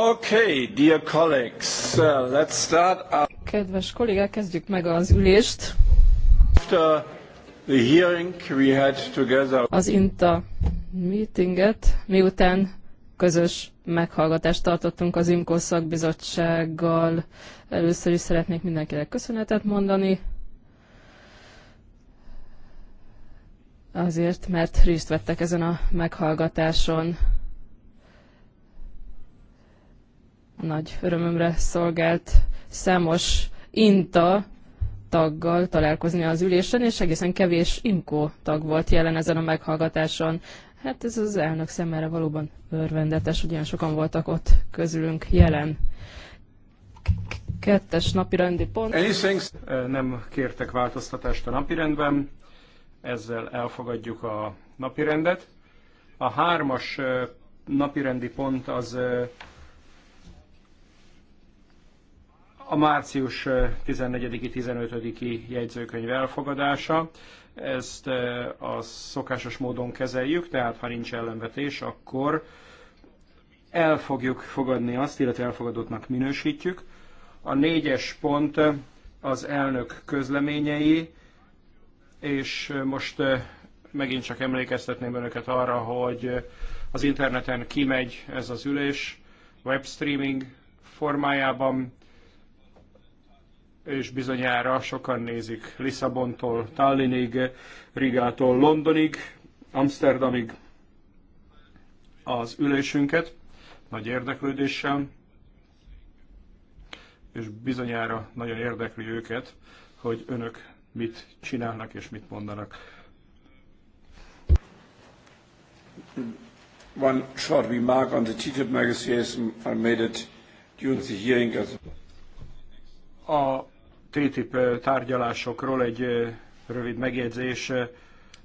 Okay, dear colleagues, uh, let's start our... Kedves kollégák, kezdjük meg az ülést. After the hearing we had together... Az INTA meetinget, miután közös meghallgatást tartottunk az IMCO szakbizottsággal. Először is szeretnék mindenkinek köszönetet mondani. Azért, mert részt vettek ezen a meghallgatáson. nagy örömömre szolgált számos INTA taggal találkozni az ülésen, és egészen kevés IMKO tag volt jelen ezen a meghallgatáson. Hát ez az elnök szemére valóban örvendetes, ugyan sokan voltak ott közülünk jelen. Kettes napi rendi pont. Anything. Nem kértek változtatást a napirendben, ezzel elfogadjuk a napirendet. A hármas napirendi pont az a március 14 eh, 15-i jegyzőkönyv elfogadása. Ezt eh, a szokásos módon kezeljük, tehát ha nincs ellenvetés, akkor el fogjuk fogadni azt, illetve elfogadottnak minősítjük. A négyes pont eh, az elnök közleményei, és most megint csak emlékeztetném önöket arra, hogy az interneten kimegy ez az ülés webstreaming formájában és bizonyára sokan nézik Lisszabontól Tallinnig, Rigától Londonig, Amsterdamig az ülésünket nagy érdeklődéssel, és bizonyára nagyon érdekli őket, hogy önök mit csinálnak és mit mondanak. One short remark on the TTIP negotiation. I made it during the hearing. A TTIP tárgyalásokról egy rövid megjegyzés.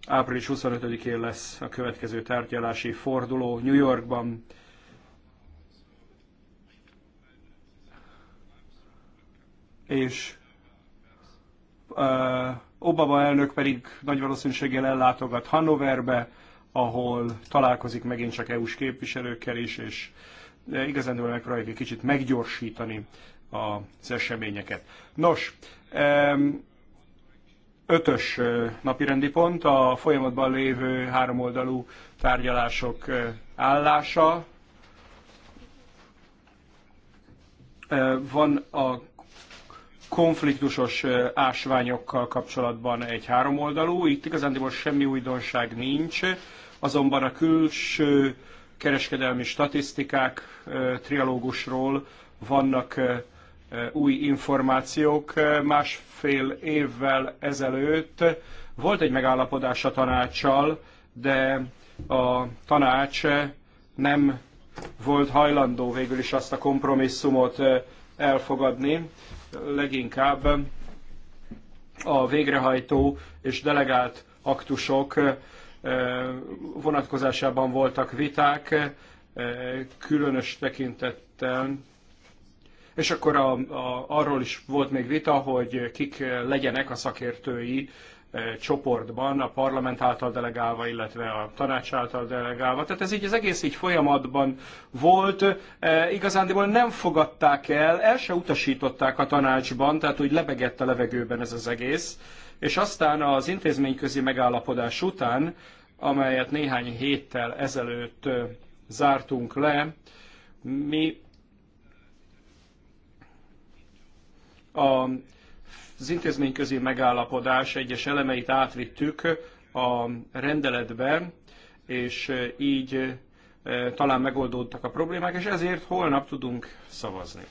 Április 25-én lesz a következő tárgyalási forduló New Yorkban. És Obama elnök pedig nagy valószínűséggel ellátogat Hannoverbe, ahol találkozik megint csak EU-s képviselőkkel is, és igazán megpróbáljuk egy kicsit meggyorsítani az eseményeket. Nos, ötös napirendi pont a folyamatban lévő háromoldalú tárgyalások állása. Van a konfliktusos ásványokkal kapcsolatban egy háromoldalú, itt most semmi újdonság nincs, azonban a külső kereskedelmi statisztikák trialógusról vannak új információk. Másfél évvel ezelőtt volt egy megállapodás a tanácssal, de a tanács nem volt hajlandó végül is azt a kompromisszumot elfogadni, leginkább a végrehajtó és delegált aktusok vonatkozásában voltak viták, különös tekintettel és akkor a, a, arról is volt még vita, hogy kik legyenek a szakértői eh, csoportban, a parlament által delegálva, illetve a tanács által delegálva. Tehát ez így az egész így folyamatban volt. E, igazándiból nem fogadták el, el se utasították a tanácsban, tehát úgy lebegett a levegőben ez az egész. És aztán az intézményközi megállapodás után, amelyet néhány héttel ezelőtt eh, zártunk le, mi A, az intézményközi megállapodás egyes elemeit átvittük a rendeletbe, és e, így e, talán megoldódtak a problémák, és ezért holnap tudunk szavazni.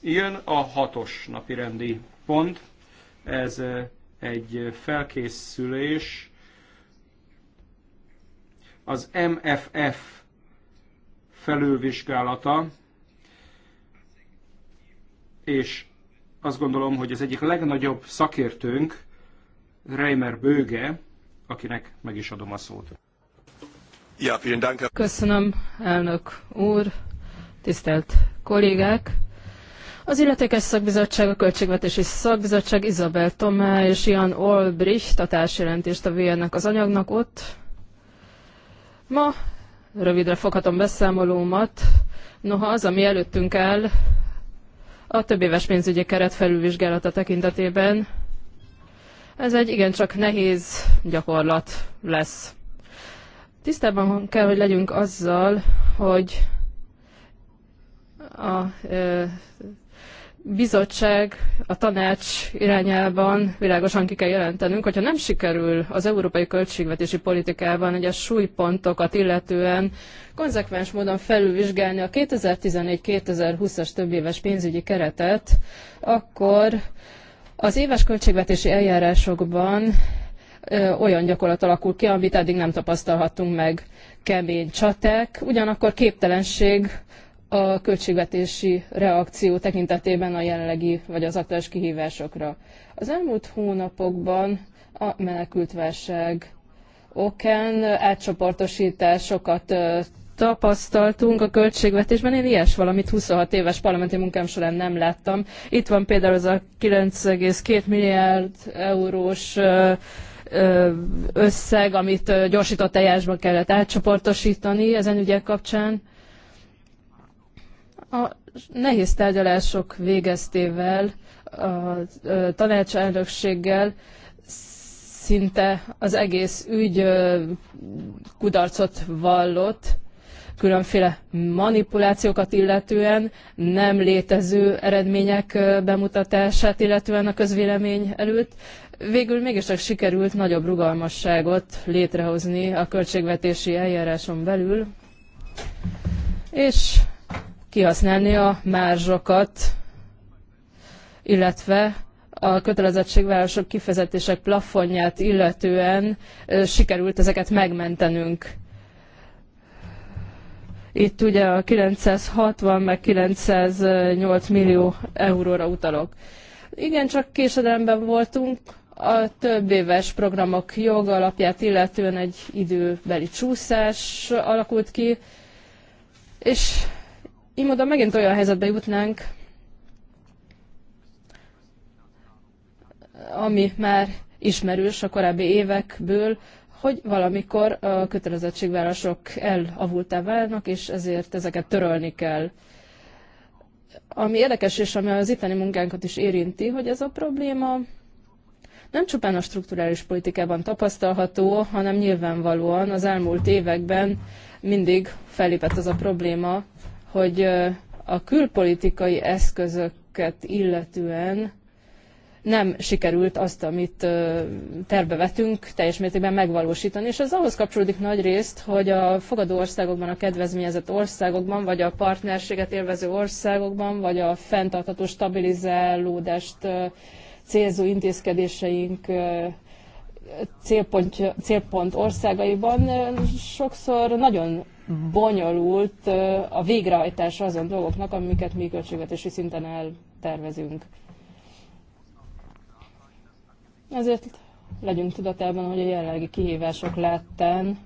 Ilyen a hatos napi rendi pont. Ez e, egy felkészülés az MFF felülvizsgálata, és azt gondolom, hogy az egyik legnagyobb szakértőnk, Reimer Bőge, akinek meg is adom a szót. Ja, dank. Köszönöm, elnök úr, tisztelt kollégák! Az illetékes szakbizottság, a költségvetési szakbizottság Izabel Tomá és Jan Olbricht a társjelentést a VN-nek az anyagnak ott. Ma rövidre foghatom beszámolómat. Noha az, ami előttünk áll, el, a több éves pénzügyi keret felülvizsgálata tekintetében. Ez egy igencsak nehéz gyakorlat lesz. Tisztában kell, hogy legyünk azzal, hogy a bizottság a tanács irányában világosan ki kell jelentenünk, hogyha nem sikerül az európai költségvetési politikában egyes súlypontokat illetően konzekvens módon felülvizsgálni a 2014-2020-as többéves pénzügyi keretet, akkor az éves költségvetési eljárásokban olyan gyakorlat alakul ki, amit eddig nem tapasztalhattunk meg kemény csaták, ugyanakkor képtelenség a költségvetési reakció tekintetében a jelenlegi vagy az aktuális kihívásokra. Az elmúlt hónapokban a menekültválság okán átcsoportosításokat tapasztaltunk a költségvetésben. Én ilyes valamit 26 éves parlamenti munkám során nem láttam. Itt van például az a 9,2 milliárd eurós összeg, amit gyorsított eljárásban kellett átcsoportosítani ezen ügyek kapcsán. A nehéz tárgyalások végeztével, a tanácselnökséggel szinte az egész ügy kudarcot vallott, különféle manipulációkat illetően, nem létező eredmények bemutatását illetően a közvélemény előtt. Végül mégiscsak sikerült nagyobb rugalmasságot létrehozni a költségvetési eljáráson belül, és kihasználni a márzsokat, illetve a kötelezettségvárosok kifizetések plafonját illetően sikerült ezeket megmentenünk. Itt ugye a 960 meg 908 millió euróra utalok. Igen, csak késedelemben voltunk, a több éves programok jogalapját illetően egy időbeli csúszás alakult ki, és így módon megint olyan helyzetbe jutnánk, ami már ismerős a korábbi évekből, hogy valamikor a kötelezettségvárások elavultá válnak, és ezért ezeket törölni kell. Ami érdekes, és ami az itteni munkánkat is érinti, hogy ez a probléma nem csupán a strukturális politikában tapasztalható, hanem nyilvánvalóan az elmúlt években mindig felépett az a probléma, hogy a külpolitikai eszközöket illetően nem sikerült azt, amit terbe vetünk, teljes mértékben megvalósítani, és ez ahhoz kapcsolódik nagy részt, hogy a fogadó országokban, a kedvezményezett országokban, vagy a partnerséget élvező országokban, vagy a fenntartható stabilizálódást célzó intézkedéseink célpont, célpont országaiban sokszor nagyon bonyolult a végrehajtása azon dolgoknak, amiket mi költségvetési szinten eltervezünk. Ezért legyünk tudatában, hogy a jelenlegi kihívások láttán,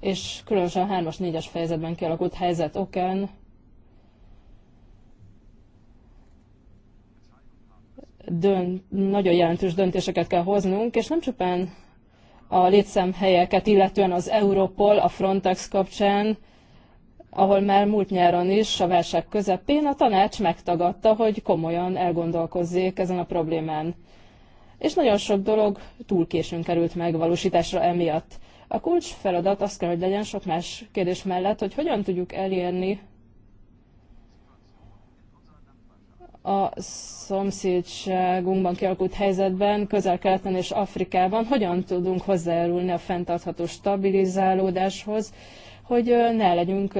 és különösen a 3-as, 4-es fejezetben kialakult helyzet okán dönt, nagyon jelentős döntéseket kell hoznunk, és nem csupán a létszámhelyeket, illetően az Europol, a Frontex kapcsán, ahol már múlt nyáron is, a válság közepén a tanács megtagadta, hogy komolyan elgondolkozzék ezen a problémán. És nagyon sok dolog túl későn került megvalósításra emiatt. A kulcs feladat az kell, hogy legyen sok más kérdés mellett, hogy hogyan tudjuk elérni a szomszédságunkban kialakult helyzetben, közel-keleten és Afrikában, hogyan tudunk hozzájárulni a fenntartható stabilizálódáshoz, hogy ne legyünk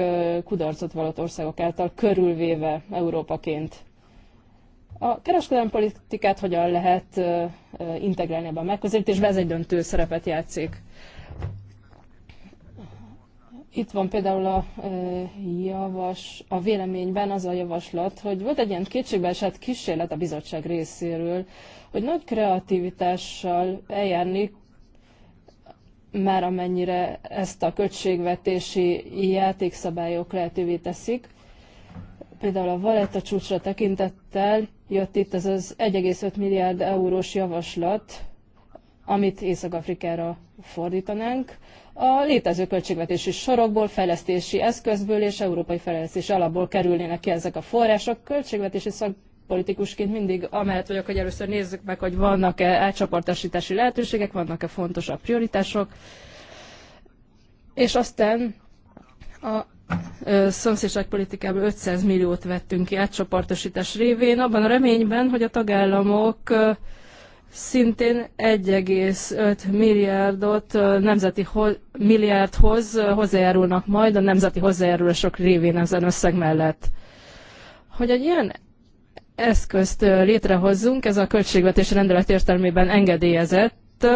kudarcot valott országok által körülvéve Európaként. A kereskedelmi politikát hogyan lehet integrálni ebbe a megközelítésbe, ez egy döntő szerepet játszik. Itt van például a, javas, a véleményben az a javaslat, hogy volt egy ilyen kétségbeesett kísérlet a bizottság részéről, hogy nagy kreativitással eljárni, már amennyire ezt a költségvetési játékszabályok lehetővé teszik. Például a Valetta csúcsra tekintettel jött itt ez az 1,5 milliárd eurós javaslat, amit Észak-Afrikára fordítanánk a létező költségvetési sorokból, fejlesztési eszközből és európai fejlesztési alapból kerülnének ki ezek a források. Költségvetési szakpolitikusként mindig amellett vagyok, hogy először nézzük meg, hogy vannak-e elcsoportosítási lehetőségek, vannak-e fontosabb prioritások, és aztán a szomszédságpolitikából 500 milliót vettünk ki átcsoportosítás révén, abban a reményben, hogy a tagállamok szintén 1,5 milliárdot nemzeti ho- milliárdhoz hozzájárulnak majd a nemzeti hozzájárulások révén ezen összeg mellett. Hogy egy ilyen eszközt létrehozzunk, ez a költségvetési rendelet értelmében engedélyezett,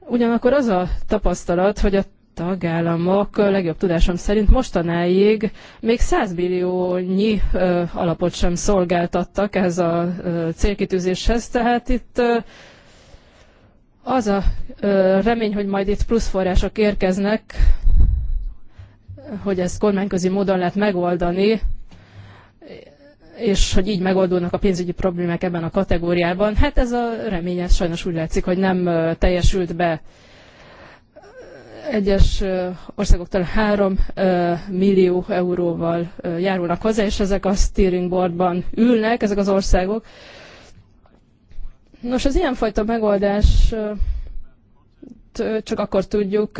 ugyanakkor az a tapasztalat, hogy a tagállamok legjobb tudásom szerint mostanáig még 100 milliónyi alapot sem szolgáltattak ehhez a célkitűzéshez, tehát itt az a remény, hogy majd itt plusz források érkeznek, hogy ezt kormányközi módon lehet megoldani, és hogy így megoldódnak a pénzügyi problémák ebben a kategóriában. Hát ez a remény, ez sajnos úgy látszik, hogy nem teljesült be egyes talán 3 millió euróval járulnak hozzá, és ezek a steering boardban ülnek, ezek az országok. Nos, az ilyenfajta megoldás csak akkor tudjuk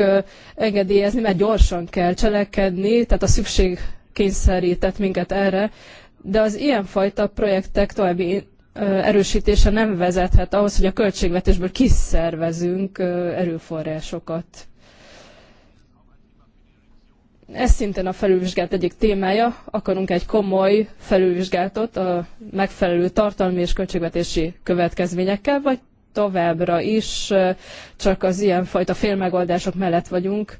engedélyezni, mert gyorsan kell cselekedni, tehát a szükség kényszerített minket erre, de az ilyenfajta projektek további erősítése nem vezethet ahhoz, hogy a költségvetésből kiszervezünk erőforrásokat. Ez szintén a felülvizsgált egyik témája. Akarunk egy komoly felülvizsgálatot a megfelelő tartalmi és költségvetési következményekkel, vagy továbbra is csak az ilyenfajta félmegoldások mellett vagyunk.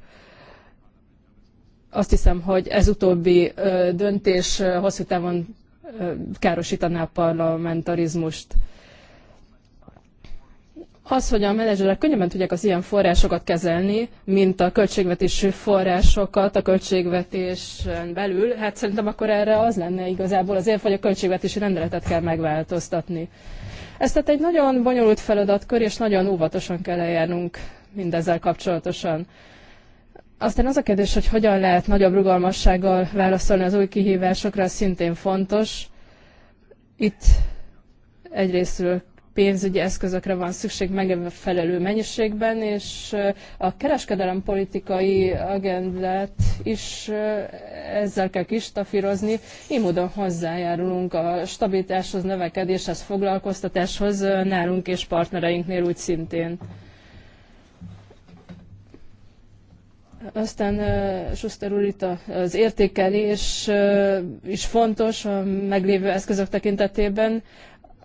Azt hiszem, hogy ez utóbbi döntés hosszú távon károsítaná a parlamentarizmust az, hogy a menedzserek könnyebben tudják az ilyen forrásokat kezelni, mint a költségvetésű forrásokat a költségvetésen belül, hát szerintem akkor erre az lenne igazából az érv, hogy a költségvetési rendeletet kell megváltoztatni. Ez tehát egy nagyon bonyolult feladatkör, és nagyon óvatosan kell eljárnunk mindezzel kapcsolatosan. Aztán az a kérdés, hogy hogyan lehet nagyobb rugalmassággal válaszolni az új kihívásokra, az szintén fontos. Itt egyrésztről pénzügyi eszközökre van szükség megfelelő mennyiségben, és a kereskedelem politikai agendát is ezzel kell kistafírozni. Így módon hozzájárulunk a stabilitáshoz, növekedéshez, foglalkoztatáshoz nálunk és partnereinknél úgy szintén. Aztán Schuster úr itt az értékelés is fontos a meglévő eszközök tekintetében.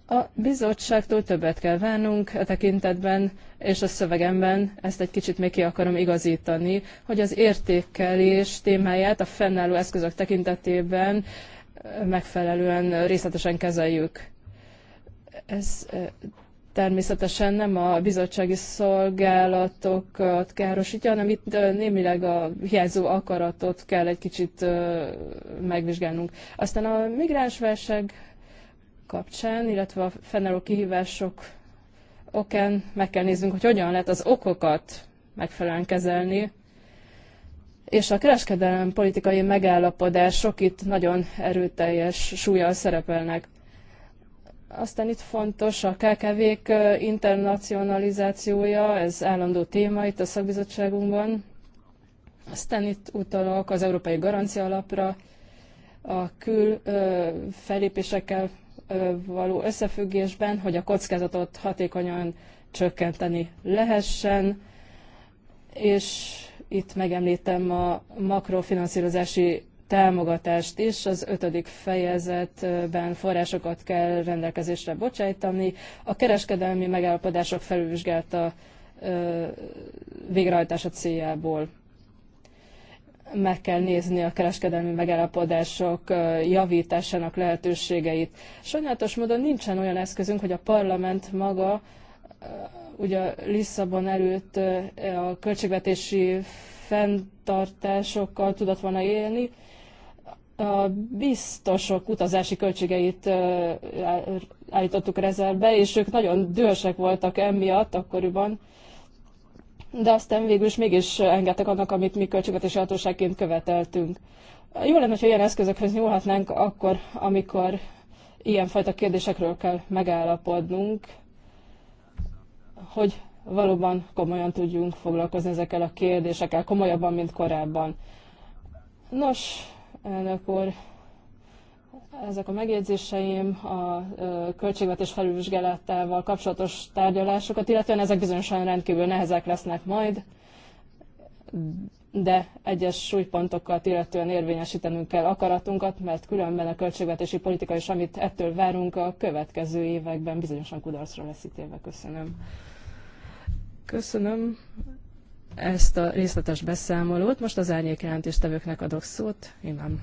A bizottságtól többet kell várnunk a e tekintetben, és a szövegemben ezt egy kicsit még ki akarom igazítani, hogy az értékelés témáját a fennálló eszközök tekintetében megfelelően részletesen kezeljük. Ez természetesen nem a bizottsági szolgálatokat károsítja, hanem itt némileg a hiányzó akaratot kell egy kicsit megvizsgálnunk. Aztán a migránsválság kapcsán, illetve a fennálló kihívások okán meg kell néznünk, hogy hogyan lehet az okokat megfelelően kezelni, és a kereskedelem politikai megállapodások itt nagyon erőteljes súlyal szerepelnek. Aztán itt fontos a KKV-k internacionalizációja, ez állandó téma itt a szakbizottságunkban. Aztán itt utalok az Európai Garancia Alapra, a kül felépésekkel való összefüggésben, hogy a kockázatot hatékonyan csökkenteni lehessen, és itt megemlítem a makrofinanszírozási támogatást is. Az ötödik fejezetben forrásokat kell rendelkezésre bocsájtani. A kereskedelmi megállapodások felülvizsgálta végrehajtása céljából meg kell nézni a kereskedelmi megállapodások javításának lehetőségeit. Sajnálatos módon nincsen olyan eszközünk, hogy a parlament maga ugye Lisszabon előtt a költségvetési fenntartásokkal tudott volna élni, a biztosok utazási költségeit állítottuk rezervbe, és ők nagyon dühösek voltak emiatt akkoriban, de aztán végül is mégis engedtek annak, amit mi költségvetési hatóságként követeltünk. Jó lenne, ha ilyen eszközökhöz nyúlhatnánk akkor, amikor ilyenfajta kérdésekről kell megállapodnunk, hogy valóban komolyan tudjunk foglalkozni ezekkel a kérdésekkel, komolyabban, mint korábban. Nos, elnök úr, ezek a megjegyzéseim a költségvetés felülvizsgálatával kapcsolatos tárgyalásokat, illetően ezek bizonyosan rendkívül nehezek lesznek majd, de egyes súlypontokat illetően érvényesítenünk kell akaratunkat, mert különben a költségvetési politika is, amit ettől várunk, a következő években bizonyosan kudarcra lesz ítélve. Köszönöm. Köszönöm ezt a részletes beszámolót. Most az árnyék jelentéstevőknek adok szót. Imám.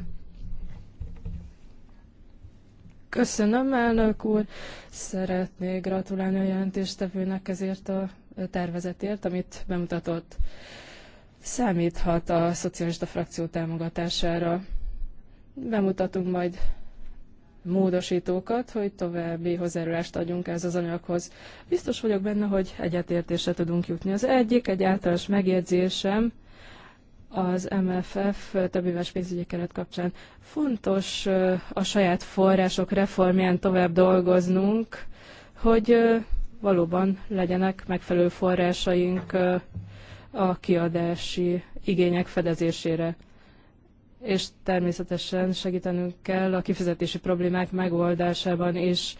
Köszönöm, elnök úr. Szeretnék gratulálni a jelentéstevőnek ezért a tervezetért, amit bemutatott. Számíthat a szocialista frakció támogatására. Bemutatunk majd módosítókat, hogy további hozzájárulást adjunk ez az anyaghoz. Biztos vagyok benne, hogy egyetértésre tudunk jutni. Az egyik, egy általános megjegyzésem, az MFF éves pénzügyi keret kapcsán. Fontos a saját források reformján tovább dolgoznunk, hogy valóban legyenek megfelelő forrásaink a kiadási igények fedezésére. És természetesen segítenünk kell a kifizetési problémák megoldásában is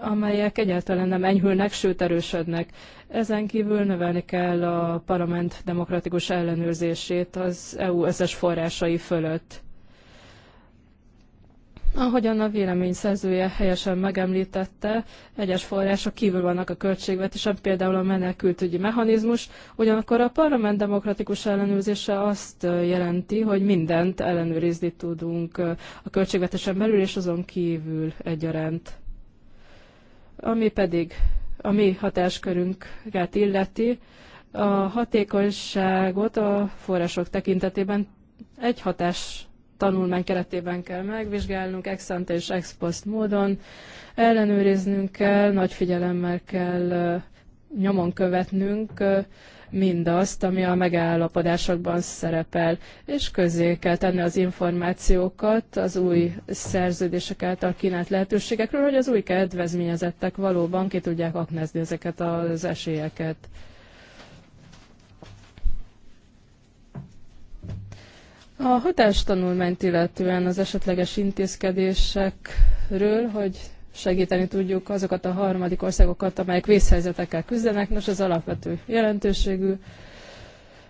amelyek egyáltalán nem enyhülnek, sőt erősödnek. Ezen kívül növelni kell a parlament demokratikus ellenőrzését az EU összes forrásai fölött. Ahogyan a vélemény szerzője helyesen megemlítette, egyes források kívül vannak a költségvetésen, például a menekültügyi mechanizmus, ugyanakkor a parlament demokratikus ellenőrzése azt jelenti, hogy mindent ellenőrizni tudunk a költségvetésen belül és azon kívül egyaránt ami pedig a mi hatáskörünket illeti, a hatékonyságot a források tekintetében egy hatás tanulmány keretében kell megvizsgálnunk, ex ante és ex post módon, ellenőriznünk kell, nagy figyelemmel kell nyomon követnünk mindazt, ami a megállapodásokban szerepel, és közé kell tenni az információkat az új szerződések által kínált lehetőségekről, hogy az új kedvezményezettek valóban ki tudják aknázni ezeket az esélyeket. A hatástanulmányt illetően az esetleges intézkedésekről, hogy segíteni tudjuk azokat a harmadik országokat, amelyek vészhelyzetekkel küzdenek. Nos, ez alapvető jelentőségű.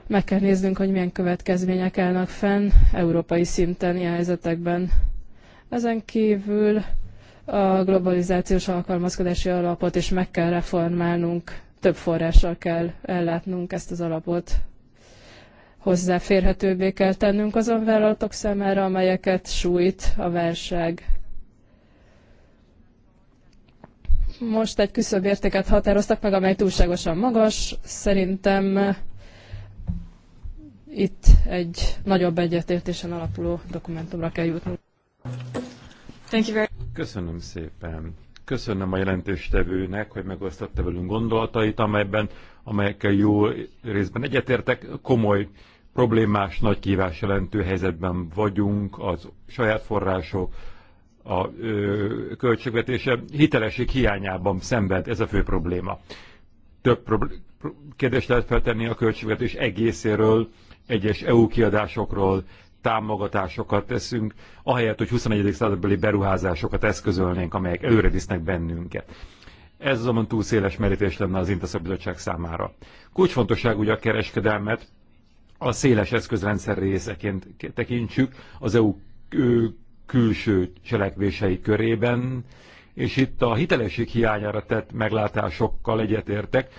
Meg kell néznünk, hogy milyen következmények állnak fenn európai szinten ilyen helyzetekben. Ezen kívül a globalizációs alkalmazkodási alapot is meg kell reformálnunk, több forrással kell ellátnunk ezt az alapot. Hozzáférhetőbbé kell tennünk azon vállalatok számára, amelyeket sújt a válság most egy küszöbértéket határoztak meg, amely túlságosan magas. Szerintem itt egy nagyobb egyetértésen alapuló dokumentumra kell jutnunk. Thank you very Köszönöm szépen. Köszönöm a jelentéstevőnek, hogy megosztotta velünk gondolatait, amelyben, amelyekkel jó részben egyetértek. Komoly, problémás, nagy kívás jelentő helyzetben vagyunk, az saját források, a ö, költségvetése hitelesség hiányában szenved, ez a fő probléma. Több kérdést lehet feltenni a költségvetés egészéről, egyes EU kiadásokról, támogatásokat teszünk, ahelyett, hogy 21. századbeli beruházásokat eszközölnénk, amelyek előre visznek bennünket. Ez azonban túl széles merítés lenne az Intasza Bizottság számára. Kulcsfontosság ugye a kereskedelmet a széles eszközrendszer részeként tekintsük, az EU külső cselekvései körében, és itt a hitelesség hiányára tett meglátásokkal egyetértek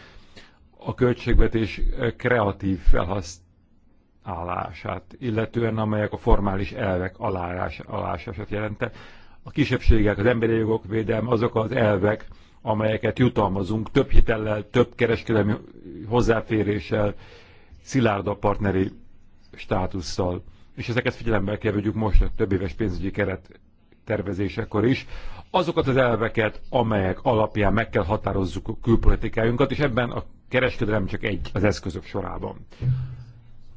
a költségvetés kreatív felhasználását, illetően amelyek a formális elvek alásását jelentek. A kisebbségek, az emberi jogok védelme, azok az elvek, amelyeket jutalmazunk több hitellel, több kereskedelmi hozzáféréssel, szilárd a partneri státusszal és ezeket figyelembe kell vegyük most a több éves pénzügyi keret tervezésekor is, azokat az elveket, amelyek alapján meg kell határozzuk a külpolitikájunkat, és ebben a kereskedelem csak egy az eszközök sorában.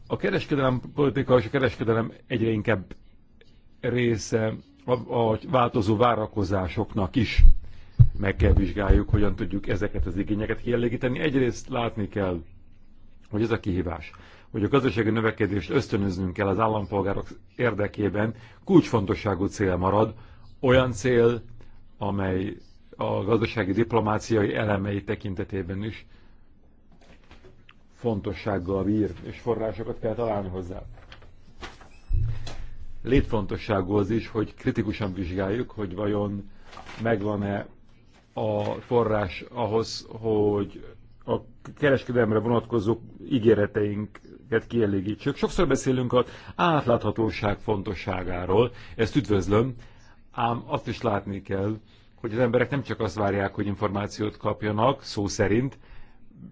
A kereskedelem politika és a kereskedelem egyre inkább része a, a változó várakozásoknak is meg kell vizsgáljuk, hogyan tudjuk ezeket az igényeket kielégíteni. Egyrészt látni kell, hogy ez a kihívás, hogy a gazdasági növekedést ösztönöznünk kell az állampolgárok érdekében, kulcsfontosságú cél marad, olyan cél, amely a gazdasági diplomáciai elemei tekintetében is fontossággal bír, és forrásokat kell találni hozzá. Létfontosságú az is, hogy kritikusan vizsgáljuk, hogy vajon megvan-e a forrás ahhoz, hogy a kereskedelemre vonatkozó ígéreteink kielégítsük. Sokszor beszélünk az átláthatóság fontosságáról, ezt üdvözlöm, ám azt is látni kell, hogy az emberek nem csak azt várják, hogy információt kapjanak, szó szerint,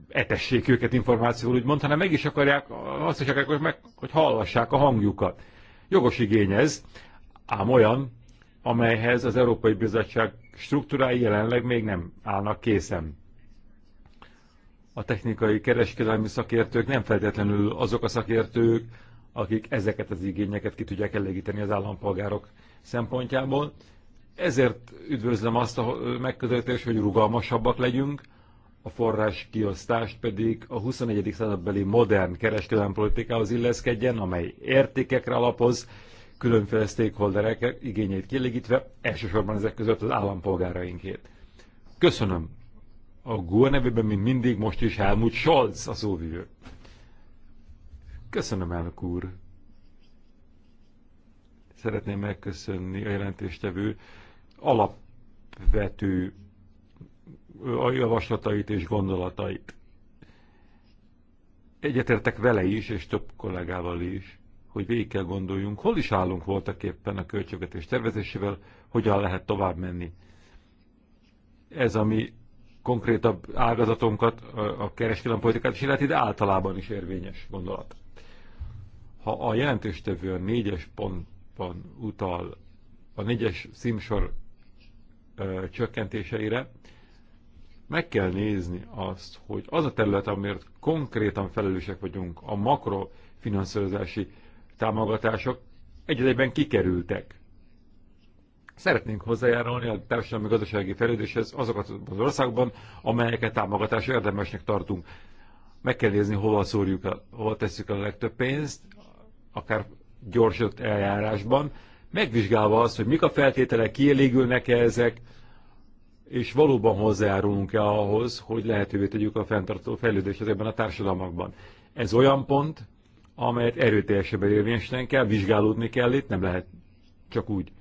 etessék őket információval, úgymond, hanem meg is akarják, azt is akarják, hogy, meg, hogy hallassák a hangjukat. Jogos igény ez, ám olyan, amelyhez az Európai Bizottság struktúrái jelenleg még nem állnak készen a technikai kereskedelmi szakértők nem feltétlenül azok a szakértők, akik ezeket az igényeket ki tudják elégíteni az állampolgárok szempontjából. Ezért üdvözlöm azt a megközelítést, hogy rugalmasabbak legyünk, a forrás kiosztást pedig a 21. századbeli modern kereskedelmi politikához illeszkedjen, amely értékekre alapoz, különféle stakeholderek igényeit kielégítve, elsősorban ezek között az állampolgárainkét. Köszönöm a GUA nevében, mint mindig, most is Helmut Scholz a szóvívő. Köszönöm, elnök úr. Szeretném megköszönni a jelentéstevő alapvető a javaslatait és gondolatait. Egyetértek vele is, és több kollégával is, hogy végig kell gondoljunk, hol is állunk voltak éppen a költségvetés tervezésével, hogyan lehet tovább menni. Ez ami konkrétabb ágazatunkat, a kereskedelmi politikát is illeti, de általában is érvényes gondolat. Ha a jelentéstevő a négyes pontban utal a négyes szímsor csökkentéseire, meg kell nézni azt, hogy az a terület, amiért konkrétan felelősek vagyunk, a makrofinanszírozási támogatások egyedében kikerültek Szeretnénk hozzájárulni a társadalmi gazdasági fejlődéshez azokat az országokban, amelyeket támogatás érdemesnek tartunk. Meg kell nézni, hova szórjuk el, hova tesszük a legtöbb pénzt, akár gyorsított eljárásban, megvizsgálva azt, hogy mik a feltételek, kielégülnek-e ezek, és valóban hozzájárulunk-e ahhoz, hogy lehetővé tegyük a fenntartó fejlődést ezekben a társadalmakban. Ez olyan pont, amelyet erőteljesebben érvényesen kell, vizsgálódni kell itt, nem lehet csak úgy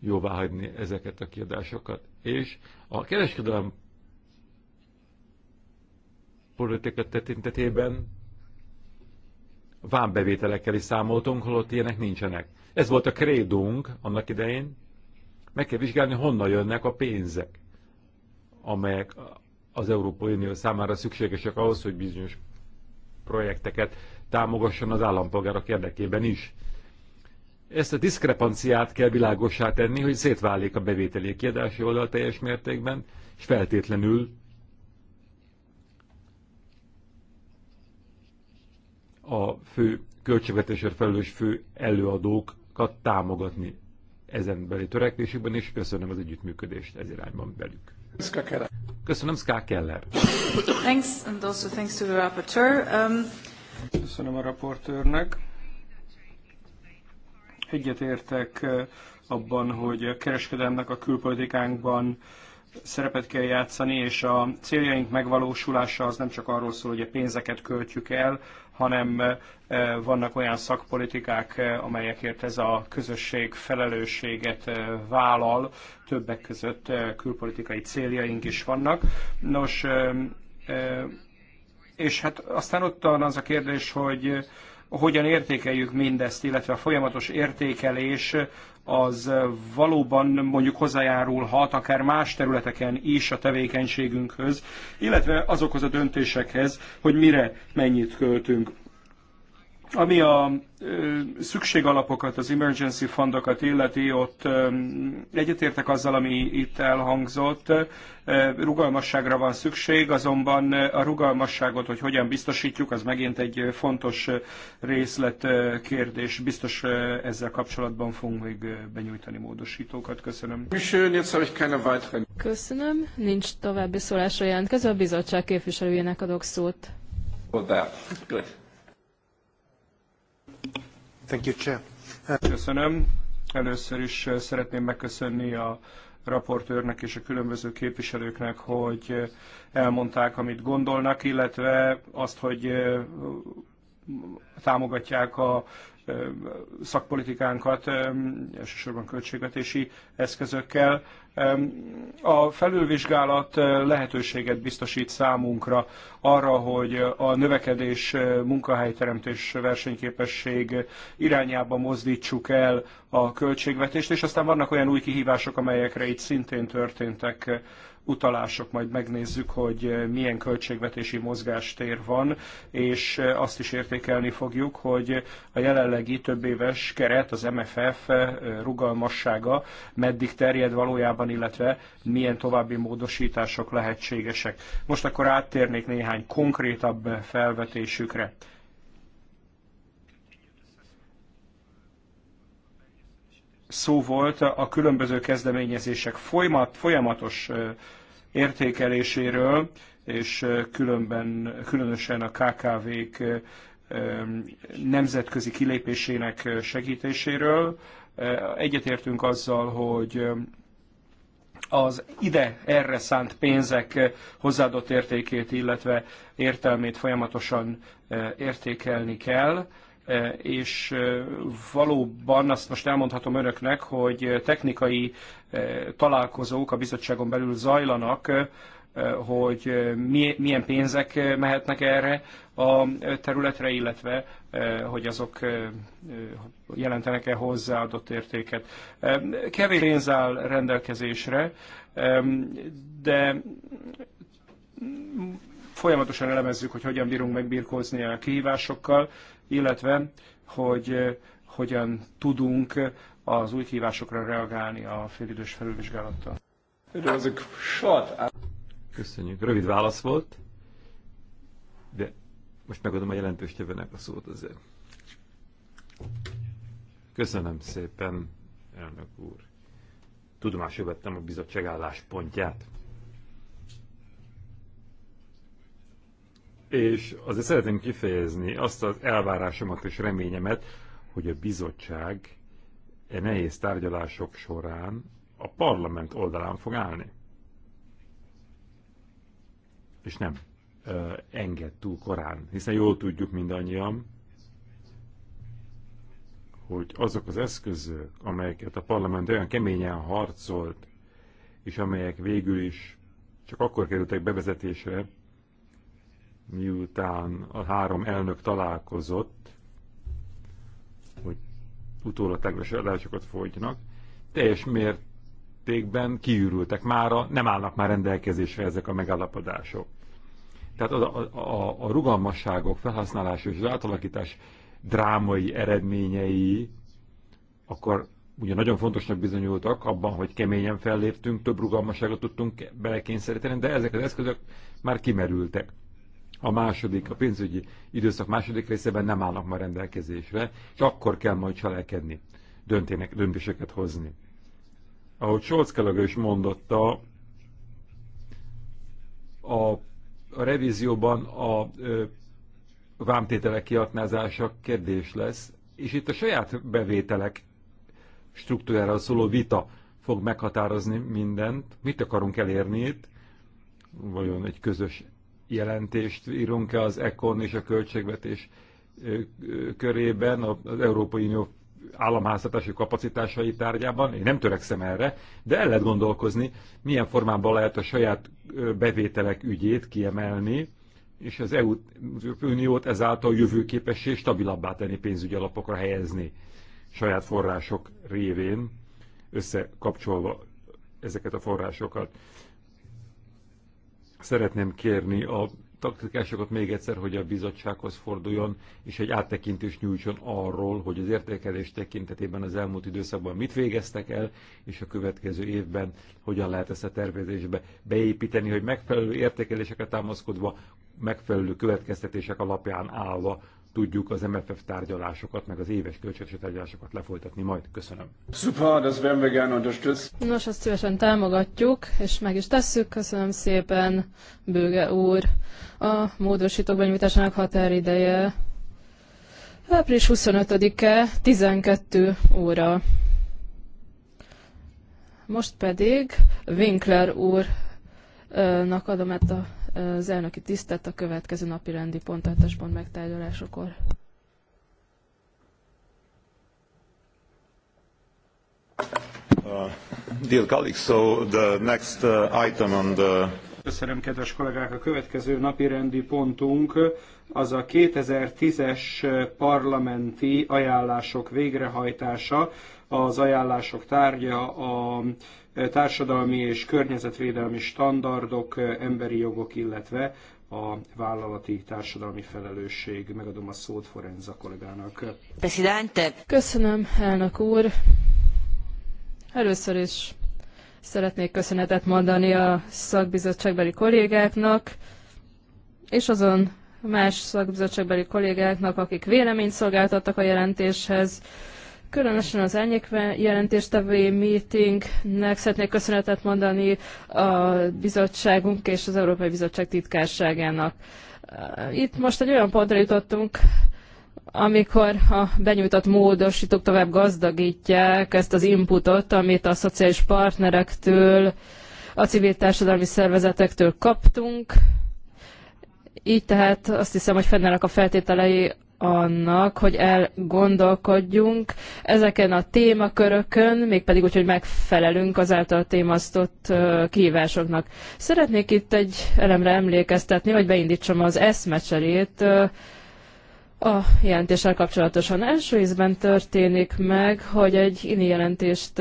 jóvá hagyni ezeket a kiadásokat. És a kereskedelem politika tekintetében vámbevételekkel is számoltunk, holott ilyenek nincsenek. Ez volt a krédunk annak idején. Meg kell vizsgálni, honnan jönnek a pénzek, amelyek az Európai Unió számára szükségesek ahhoz, hogy bizonyos projekteket támogasson az állampolgárok érdekében is. Ezt a diszkrepanciát kell világosá tenni, hogy szétválik a bevételi kiadási oldal teljes mértékben, és feltétlenül a fő költségvetésre felelős fő előadókat támogatni ezen beli törekvésükben, és köszönöm az együttműködést ez irányban velük. Köszönöm, Ská Keller. Thanks, and also thanks to the rapporteur. Um... Köszönöm a raportőrnek. Egyetértek abban, hogy a kereskedelmnek a külpolitikánkban szerepet kell játszani, és a céljaink megvalósulása az nem csak arról szól, hogy a pénzeket költjük el, hanem vannak olyan szakpolitikák, amelyekért ez a közösség felelősséget vállal, többek között külpolitikai céljaink is vannak. Nos, és hát aztán ott van az a kérdés, hogy hogyan értékeljük mindezt, illetve a folyamatos értékelés az valóban mondjuk hozzájárulhat akár más területeken is a tevékenységünkhöz, illetve azokhoz a döntésekhez, hogy mire mennyit költünk. Ami a szükségalapokat, az emergency fundokat illeti, ott egyetértek azzal, ami itt elhangzott. Rugalmasságra van szükség, azonban a rugalmasságot, hogy hogyan biztosítjuk, az megint egy fontos részletkérdés. Biztos ezzel kapcsolatban fogunk még benyújtani módosítókat. Köszönöm. Köszönöm. Nincs további szólásra jelentkező. A bizottság képviselőjének adok szót. Well, that. Good. Thank you, Chair. Köszönöm. Először is uh, szeretném megköszönni a raportőrnek és a különböző képviselőknek, hogy uh, elmondták, amit gondolnak, illetve azt, hogy uh, támogatják a szakpolitikánkat, elsősorban költségvetési eszközökkel. A felülvizsgálat lehetőséget biztosít számunkra arra, hogy a növekedés, munkahelyteremtés, versenyképesség irányába mozdítsuk el a költségvetést, és aztán vannak olyan új kihívások, amelyekre itt szintén történtek utalások, majd megnézzük, hogy milyen költségvetési mozgástér van, és azt is értékelni fogjuk, hogy a jelenleg jelenlegi több éves keret, az MFF rugalmassága meddig terjed valójában, illetve milyen további módosítások lehetségesek. Most akkor áttérnék néhány konkrétabb felvetésükre. Szó volt a különböző kezdeményezések folyamat, folyamatos értékeléséről, és különben, különösen a KKV-k nemzetközi kilépésének segítéséről. E, egyetértünk azzal, hogy az ide erre szánt pénzek hozzáadott értékét, illetve értelmét folyamatosan e, értékelni kell e, és valóban azt most elmondhatom önöknek, hogy technikai találkozók a bizottságon belül zajlanak hogy eh, milyen pénzek eh, mehetnek erre a eh, területre, illetve hogy azok jelentenek-e hozzáadott értéket. Kevés pénz áll rendelkezésre, de folyamatosan elemezzük, hogy hogyan bírunk megbirkózni a kihívásokkal, illetve hogy hogyan tudunk az új kihívásokra reagálni a félidős felülvizsgálattal. Köszönjük. Rövid válasz volt, de most megadom a jelentős tevőnek a szót azért. Köszönöm szépen, elnök úr. Tudomásul vettem a bizottság álláspontját. És azért szeretném kifejezni azt az elvárásomat és reményemet, hogy a bizottság e nehéz tárgyalások során a parlament oldalán fog állni és nem ö, enged túl korán, hiszen jól tudjuk mindannyian, hogy azok az eszközök, amelyeket a parlament olyan keményen harcolt, és amelyek végül is csak akkor kerültek bevezetésre, miután a három elnök találkozott, hogy utólatlágos adásokat folytnak, teljes mértékben kiürültek mára, nem állnak már rendelkezésre ezek a megállapodások. Tehát a, a, a rugalmasságok felhasználás és az átalakítás drámai eredményei akkor ugye nagyon fontosnak bizonyultak abban, hogy keményen felléptünk, több rugalmasságot tudtunk belekényszeríteni, de ezek az eszközök már kimerültek. A második, a pénzügyi időszak második részében nem állnak már rendelkezésre, és akkor kell majd cselekedni, döntének, döntéseket hozni. Ahogy Scholz is mondotta, a a revízióban a vámtételek kiaknázása kérdés lesz, és itt a saját bevételek struktúrára szóló vita fog meghatározni mindent, mit akarunk elérni itt, vajon egy közös jelentést írunk-e az ECON és a költségvetés körében az Európai Unió államháztartási kapacitásai tárgyában, én nem törekszem erre, de el lehet gondolkozni, milyen formában lehet a saját bevételek ügyét kiemelni, és az EU uniót ezáltal jövőképessé és stabilabbá tenni pénzügyi alapokra helyezni saját források révén, összekapcsolva ezeket a forrásokat. Szeretném kérni a taktikásokat még egyszer, hogy a bizottsághoz forduljon, és egy áttekintést nyújtson arról, hogy az értékelés tekintetében az elmúlt időszakban mit végeztek el, és a következő évben hogyan lehet ezt a tervezésbe beépíteni, hogy megfelelő értékeléseket támaszkodva, megfelelő következtetések alapján állva tudjuk az MFF tárgyalásokat, meg az éves költségvetési tárgyalásokat lefolytatni majd. Köszönöm. Super, das werden wir gerne unterstützen. Nos, azt szívesen támogatjuk, és meg is tesszük. Köszönöm szépen, Bőge úr. A módosítók benyújtásának határideje április 25-e 12 óra. Most pedig Winkler úrnak adom ezt a az elnöki tisztet a következő napi rendi pont, megtárgyalásokor. Uh, dear colleagues, so the next uh, item on the... Köszönöm, kedves kollégák! A következő napi rendi pontunk az a 2010-es parlamenti ajánlások végrehajtása. Az ajánlások tárgya a társadalmi és környezetvédelmi standardok, emberi jogok, illetve a vállalati társadalmi felelősség. Megadom a szót Forenza kollégának. Presidente. Köszönöm, elnök úr. Először is szeretnék köszönetet mondani a szakbizottságbeli kollégáknak, és azon más szakbizottságbeli kollégáknak, akik véleményt szolgáltattak a jelentéshez. Különösen az elnyék jelentéstevői meetingnek szeretnék köszönetet mondani a bizottságunk és az Európai Bizottság titkárságának. Uh, itt most egy olyan pontra jutottunk, amikor a benyújtott módosítók tovább gazdagítják ezt az inputot, amit a szociális partnerektől, a civil társadalmi szervezetektől kaptunk. Így tehát azt hiszem, hogy fennállnak a feltételei annak, hogy elgondolkodjunk ezeken a témakörökön, mégpedig úgy, hogy megfelelünk az által témasztott kihívásoknak. Szeretnék itt egy elemre emlékeztetni, hogy beindítsam az eszmecserét a jelentéssel kapcsolatosan. Első ízben történik meg, hogy egy ini jelentést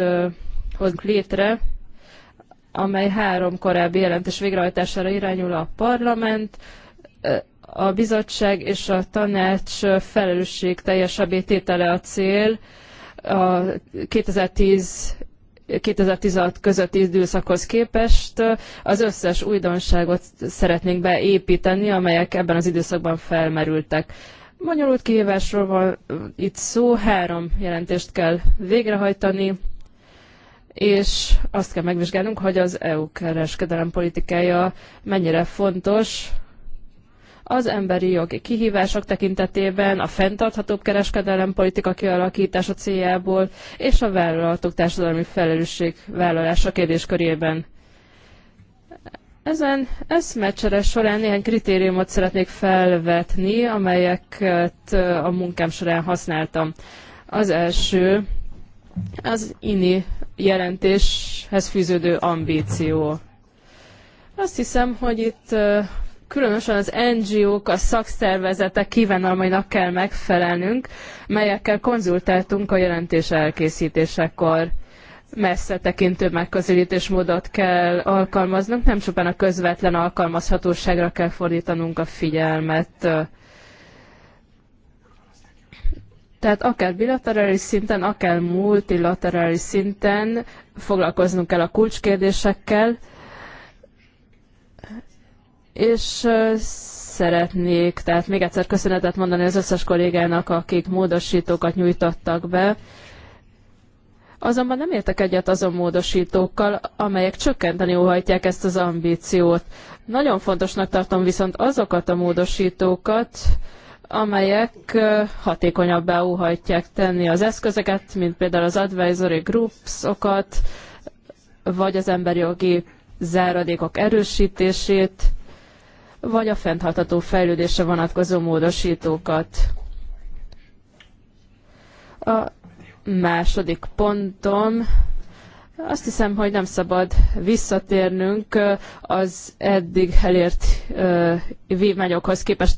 hozunk létre, amely három korábbi jelentés végrehajtására irányul a parlament, a bizottság és a tanács felelősség teljesebbé tétele a cél a 2010 2016 közötti időszakhoz képest az összes újdonságot szeretnénk beépíteni, amelyek ebben az időszakban felmerültek. Bonyolult kihívásról van itt szó, három jelentést kell végrehajtani, és azt kell megvizsgálnunk, hogy az EU kereskedelem politikája mennyire fontos az emberi jogi kihívások tekintetében, a fenntarthatóbb kereskedelem politika kialakítása céljából és a vállalatok társadalmi felelősség vállalása kérdéskörében. Ezen eszmecsere során néhány kritériumot szeretnék felvetni, amelyeket uh, a munkám során használtam. Az első az INI jelentéshez fűződő ambíció. Azt hiszem, hogy itt uh, különösen az NGO-k, a szakszervezetek kívánalmainak kell megfelelnünk, melyekkel konzultáltunk a jelentés elkészítésekor messze tekintő megközelítésmódot kell alkalmaznunk, nem csupán a közvetlen alkalmazhatóságra kell fordítanunk a figyelmet. Tehát akár bilaterális szinten, akár multilaterális szinten foglalkoznunk kell a kulcskérdésekkel, és szeretnék, tehát még egyszer köszönetet mondani az összes kollégának, akik módosítókat nyújtottak be. Azonban nem értek egyet azon módosítókkal, amelyek csökkenteni óhajtják ezt az ambíciót. Nagyon fontosnak tartom viszont azokat a módosítókat, amelyek hatékonyabbá óhajtják tenni az eszközeket, mint például az advisory groups-okat, vagy az emberi jogi záradékok erősítését, vagy a fenntartható fejlődésre vonatkozó módosítókat. A második pontom azt hiszem, hogy nem szabad visszatérnünk az eddig elért vívmányokhoz képest,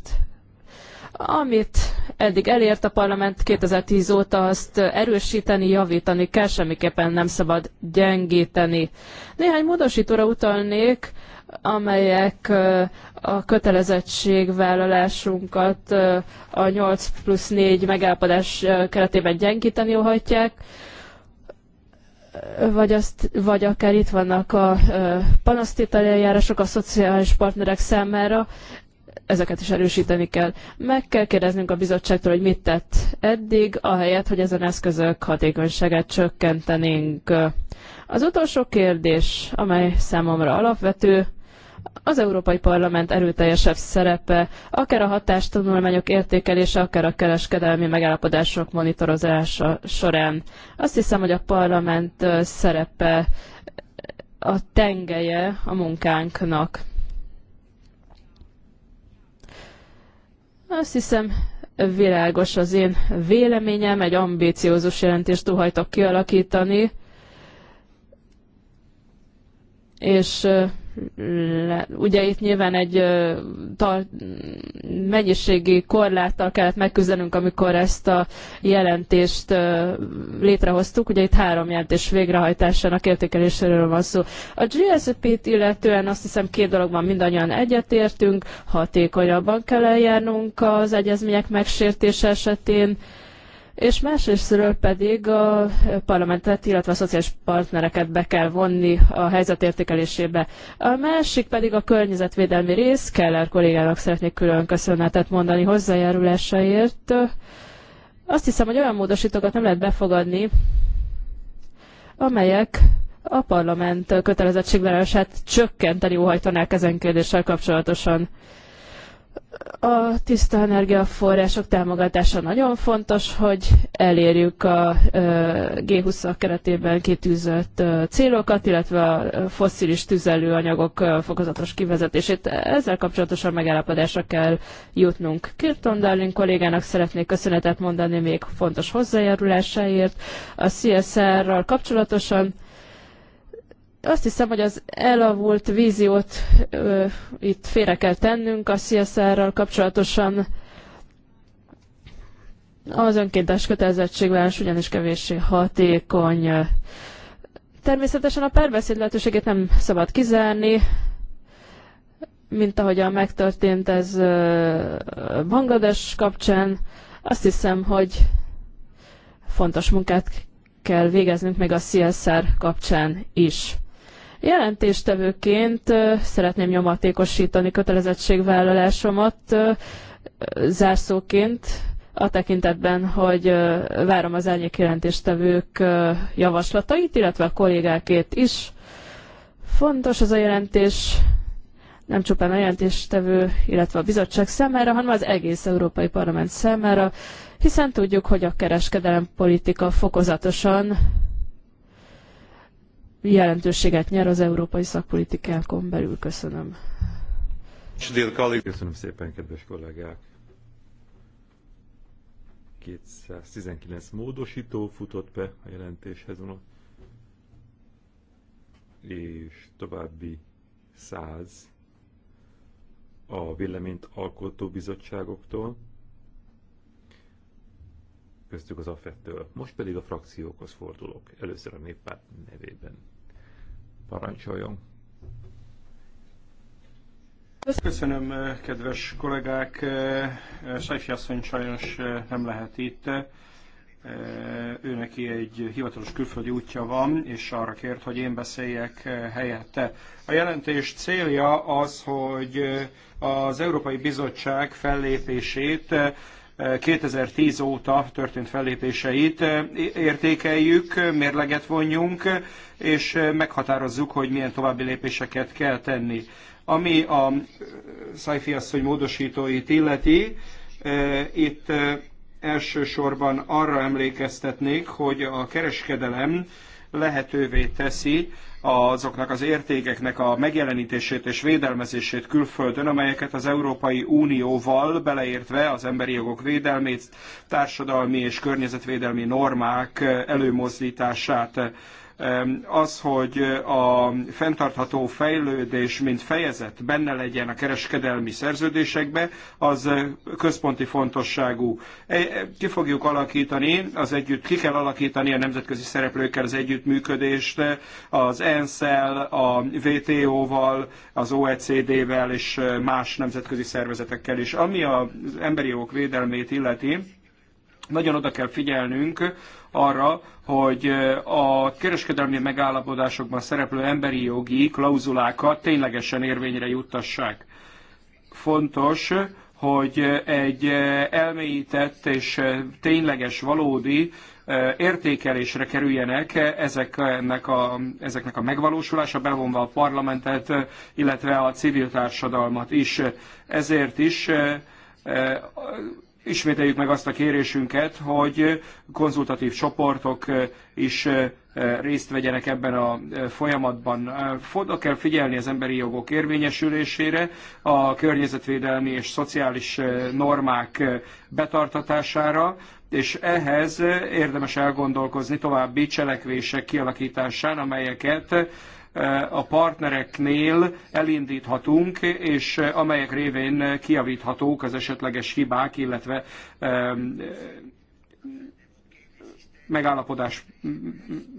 amit eddig elért a parlament 2010 óta, azt erősíteni, javítani kell, semmiképpen nem szabad gyengíteni. Néhány módosítóra utalnék, amelyek a kötelezettségvállalásunkat a 8 plusz 4 megállapodás keretében gyengíteni óhatják, vagy, azt, vagy akár itt vannak a panasztételi eljárások a szociális partnerek számára, ezeket is erősíteni kell. Meg kell kérdeznünk a bizottságtól, hogy mit tett eddig, ahelyett, hogy ezen eszközök hatékonyságát csökkentenénk. Az utolsó kérdés, amely számomra alapvető, az Európai Parlament erőteljesebb szerepe, akár a hatástanulmányok értékelése, akár a kereskedelmi megállapodások monitorozása során. Azt hiszem, hogy a parlament szerepe a tengelye a munkánknak. Azt hiszem, világos az én véleményem, egy ambíciózus jelentést óhajtok kialakítani, és ugye itt nyilván egy tar- mennyiségi korláttal kellett megküzdenünk, amikor ezt a jelentést létrehoztuk. Ugye itt három jelentés végrehajtásának értékeléséről van szó. A GSP-t illetően azt hiszem két dologban mindannyian egyetértünk, hatékonyabban kell eljárnunk az egyezmények megsértése esetén, és másrésztről pedig a parlamentet, illetve a szociális partnereket be kell vonni a helyzet értékelésébe. A másik pedig a környezetvédelmi rész, Keller kollégának szeretnék külön köszönetet mondani hozzájárulásaért. Azt hiszem, hogy olyan módosítókat nem lehet befogadni, amelyek a parlament kötelezettségvállalását csökkenteni óhajtanák ezen kérdéssel kapcsolatosan. A tiszta energiaforrások támogatása nagyon fontos, hogy elérjük a g 20 keretében kitűzött célokat, illetve a fosszilis tüzelőanyagok fokozatos kivezetését. Ezzel kapcsolatosan megállapodásra kell jutnunk. Kirton Darling kollégának szeretnék köszönetet mondani még fontos hozzájárulásáért a CSR-ral kapcsolatosan. Azt hiszem, hogy az elavult víziót ö, itt félre kell tennünk a CSR-ral kapcsolatosan. Az önkéntes kötelezettségvállalás ugyanis kevéssé hatékony. Természetesen a párbeszéd lehetőségét nem szabad kizárni, mint ahogyan megtörtént ez Banglades kapcsán. Azt hiszem, hogy fontos munkát kell végeznünk még a CSR kapcsán is. Jelentéstevőként szeretném nyomatékosítani kötelezettségvállalásomat zárszóként a tekintetben, hogy várom az árnyék jelentéstevők javaslatait, illetve a kollégákét is. Fontos az a jelentés, nem csupán a jelentéstevő, illetve a bizottság számára, hanem az egész Európai Parlament számára, hiszen tudjuk, hogy a kereskedelem politika fokozatosan jelentőséget nyer az európai szakpolitikákon belül. Köszönöm. Köszönöm szépen, kedves kollégák! 219 módosító futott be a jelentéshez vonat, és további 100 a véleményt alkotó bizottságoktól köztük az AFET-től. Most pedig a frakciókhoz fordulok, először a néppárt nevében. Parancsoljon! Köszönöm, eh, kedves kollégák! Eh, eh, Sajfi asszony sajnos nem lehet itt. Ő neki egy hivatalos külföldi útja van, és arra kért, hogy én beszéljek helyette. A jelentés célja az, hogy az Európai Bizottság fellépését 2010 óta történt fellépéseit értékeljük, mérleget vonjunk, és meghatározzuk, hogy milyen további lépéseket kell tenni. Ami a Szajfi asszony módosítóit illeti, itt elsősorban arra emlékeztetnék, hogy a kereskedelem lehetővé teszi azoknak az értékeknek a megjelenítését és védelmezését külföldön, amelyeket az Európai Unióval beleértve az emberi jogok védelmét, társadalmi és környezetvédelmi normák előmozdítását az, hogy a fenntartható fejlődés, mint fejezet benne legyen a kereskedelmi szerződésekbe, az központi fontosságú. E, e, ki fogjuk alakítani, az együtt, ki kell alakítani a nemzetközi szereplőkkel az együttműködést, az ENSZ-el, a WTO-val, az OECD-vel és más nemzetközi szervezetekkel is. Ami az emberi jogok védelmét illeti, nagyon oda kell figyelnünk arra, hogy a kereskedelmi megállapodásokban szereplő emberi jogi klauzulákat ténylegesen érvényre juttassák. Fontos, hogy egy elmélyített és tényleges, valódi értékelésre kerüljenek ezeknek a, ezeknek a megvalósulása, bevonva a parlamentet, illetve a civil társadalmat is. Ezért is Ismételjük meg azt a kérésünket, hogy konzultatív csoportok is eh, részt vegyenek ebben a eh, folyamatban. Eh, Oda kell figyelni az emberi jogok érvényesülésére, a környezetvédelmi és szociális normák betartatására, és ehhez érdemes elgondolkozni további cselekvések kialakításán, amelyeket a partnereknél elindíthatunk, és eh, amelyek révén kiavíthatók az esetleges hibák, illetve megállapodás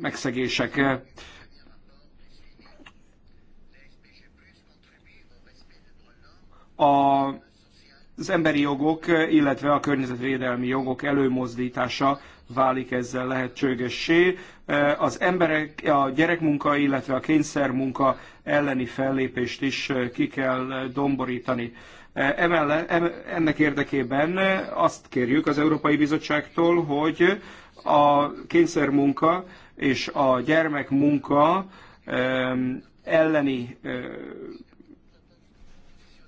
megszegések. A az emberi jogok, illetve a környezetvédelmi jogok előmozdítása válik ezzel lehetségessé. Eh, az emberek, a gyerekmunka, illetve a kényszermunka elleni fellépést is eh, ki kell eh, domborítani. Emelle, ennek érdekében azt kérjük az Európai Bizottságtól, hogy a kényszermunka és a gyermekmunka elleni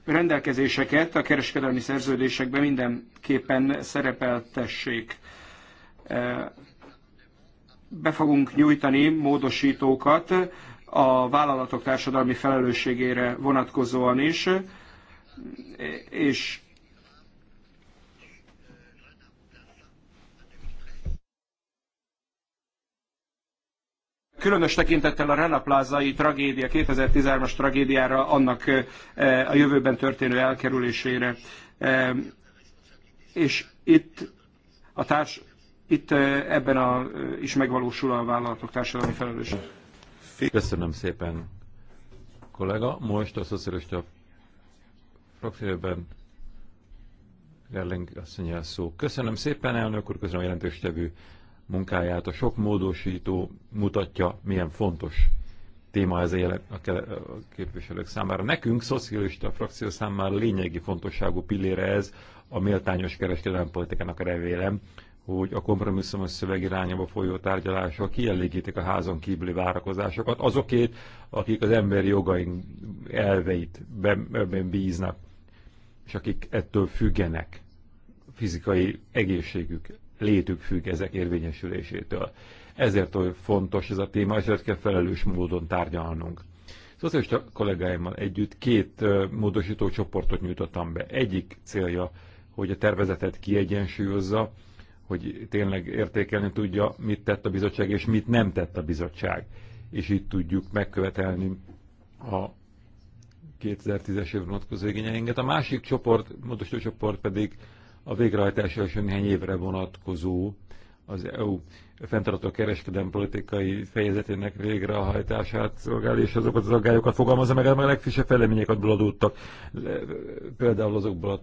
rendelkezéseket a kereskedelmi szerződésekben mindenképpen szerepeltessék be fogunk nyújtani módosítókat a vállalatok társadalmi felelősségére vonatkozóan is, és különös tekintettel a Rana Plaza-i tragédia, 2013-as tragédiára, annak e, a jövőben történő elkerülésére. E, és itt a társ, itt ebben a, is megvalósul a vállalatok társadalmi felelősség. Köszönöm szépen, kollega. Most a szocialista frakcióban Gerling a szó. Köszönöm szépen, elnök úr, köszönöm a jelentőstevő munkáját. A sok módosító mutatja, milyen fontos téma ez a, a képviselők számára. Nekünk, szocialista frakció számára lényegi fontosságú pillére ez a méltányos kereskedelmi politikának remélem, hogy a kompromisszumos szöveg irányába folyó tárgyalások kielégítik a házon kívüli várakozásokat, azokét, akik az emberi jogaink elveit ebben bíznak, és akik ettől függenek, fizikai egészségük, létük függ ezek érvényesülésétől. Ezért olyan fontos ez a téma, és ezért kell felelős módon tárgyalnunk. Szocialista kollégáimmal együtt két módosító csoportot nyújtottam be. Egyik célja, hogy a tervezetet kiegyensúlyozza, hogy tényleg értékelni tudja, mit tett a bizottság, és mit nem tett a bizottság. És itt tudjuk megkövetelni a 2010-es év vonatkozó igényeinket. A másik csoport, módosító csoport pedig a végrehajtás első néhány évre vonatkozó az EU fenntartó kereskedelmi politikai fejezetének végrehajtását szolgál, és azokat az aggályokat fogalmazza meg, amelyek a legfrissebb fejleményeket adódtak, például azokból a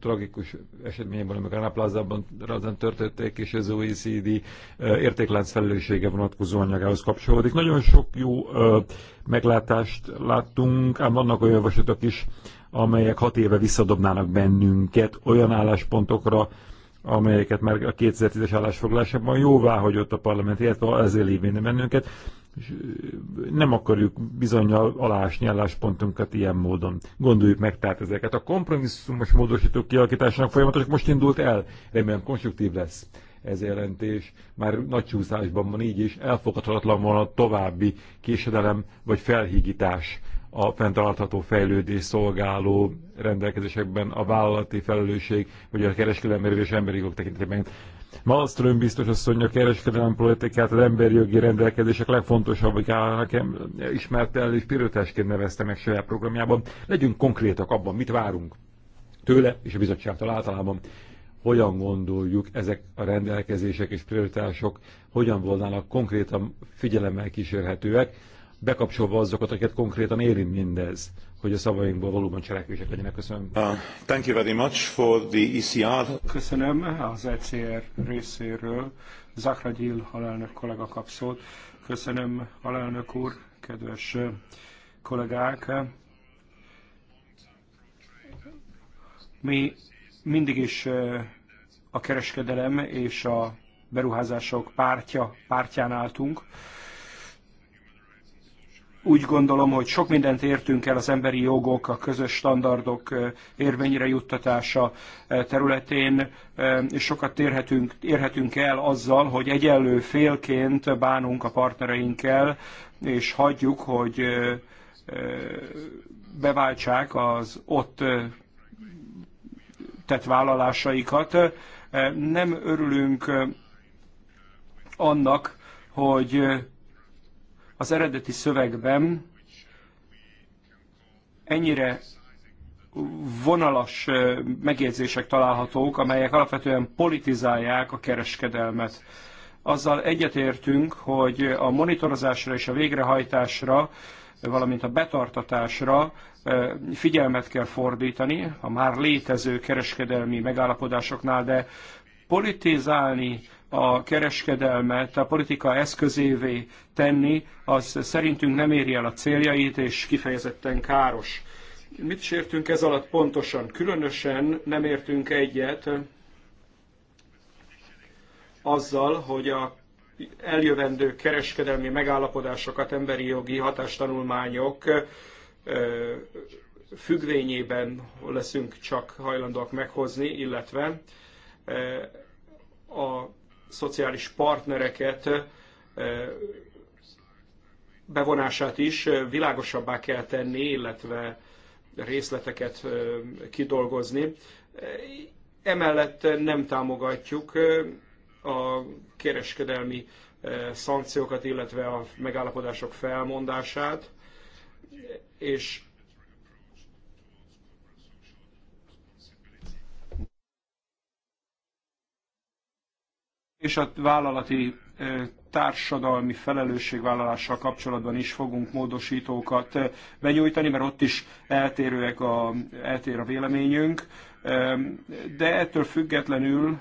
tragikus eseményben, amik a Plázában rázán történtek, és az OECD eh, értéklánc felelőssége vonatkozó anyagához kapcsolódik. Nagyon sok jó eh, meglátást láttunk, ám vannak olyan javaslatok is, amelyek hat éve visszadobnának bennünket olyan álláspontokra, amelyeket már a 2010-es állásfoglalásában jóvá hagyott a parlament, illetve ezért lévéne bennünket és nem akarjuk bizony alásni álláspontunkat ilyen módon. Gondoljuk meg tehát ezeket. A kompromisszumos módosítók kialakításának folyamatos most indult el. Remélem konstruktív lesz ez jelentés. Már nagy csúszásban van így és Elfogadhatatlan volna további késedelem vagy felhígítás a fenntartható fejlődés szolgáló rendelkezésekben a vállalati felelősség, vagy a kereskedelmi és emberi jogok tekintetében Malmström biztos asszony a kereskedelem politikát az emberjogi rendelkezések legfontosabbikának ismert el és pirőtásként nevezte meg saját programjában. Legyünk konkrétak abban, mit várunk tőle és a bizottságtól általában. Hogyan gondoljuk ezek a rendelkezések és prioritások, hogyan volnának konkrétan figyelemmel kísérhetőek, bekapcsolva azokat, akiket konkrétan érint mindez, hogy a szavainkból valóban cselekvések legyenek. Köszönöm. Uh, thank you very much for the ECR. Köszönöm az ECR részéről. Zakra Gyil halálnök kollega kap szót. Köszönöm, halálnök úr, kedves kollégák. Mi mindig is a kereskedelem és a beruházások pártja, pártján álltunk úgy gondolom, hogy sok mindent értünk el az emberi jogok, a közös standardok érvényre juttatása területén, és sokat érhetünk, érhetünk el azzal, hogy egyenlő félként bánunk a partnereinkkel, és hagyjuk, hogy beváltsák az ott tett vállalásaikat. Nem örülünk annak, hogy az eredeti szövegben ennyire vonalas megjegyzések találhatók, amelyek alapvetően politizálják a kereskedelmet. Azzal egyetértünk, hogy a monitorozásra és a végrehajtásra, valamint a betartatásra figyelmet kell fordítani a már létező kereskedelmi megállapodásoknál, de politizálni a kereskedelmet a politika eszközévé tenni, az szerintünk nem éri el a céljait, és kifejezetten káros. Mit sértünk ez alatt pontosan? Különösen nem értünk egyet azzal, hogy a eljövendő kereskedelmi megállapodásokat, emberi jogi hatástanulmányok függvényében leszünk csak hajlandóak meghozni, illetve a szociális partnereket bevonását is világosabbá kell tenni, illetve részleteket kidolgozni. Emellett nem támogatjuk a kereskedelmi szankciókat, illetve a megállapodások felmondását, és és a vállalati társadalmi felelősségvállalással kapcsolatban is fogunk módosítókat benyújtani, mert ott is eltérőek a, eltér a véleményünk, de ettől függetlenül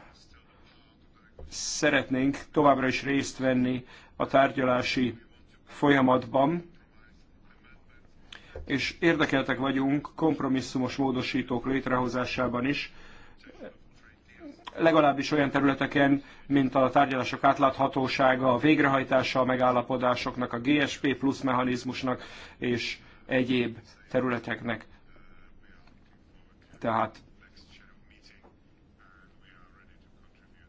szeretnénk továbbra is részt venni a tárgyalási folyamatban, és érdekeltek vagyunk kompromisszumos módosítók létrehozásában is, legalábbis olyan területeken, mint a tárgyalások átláthatósága, a végrehajtása a megállapodásoknak, a GSP plusz mechanizmusnak és egyéb területeknek. Tehát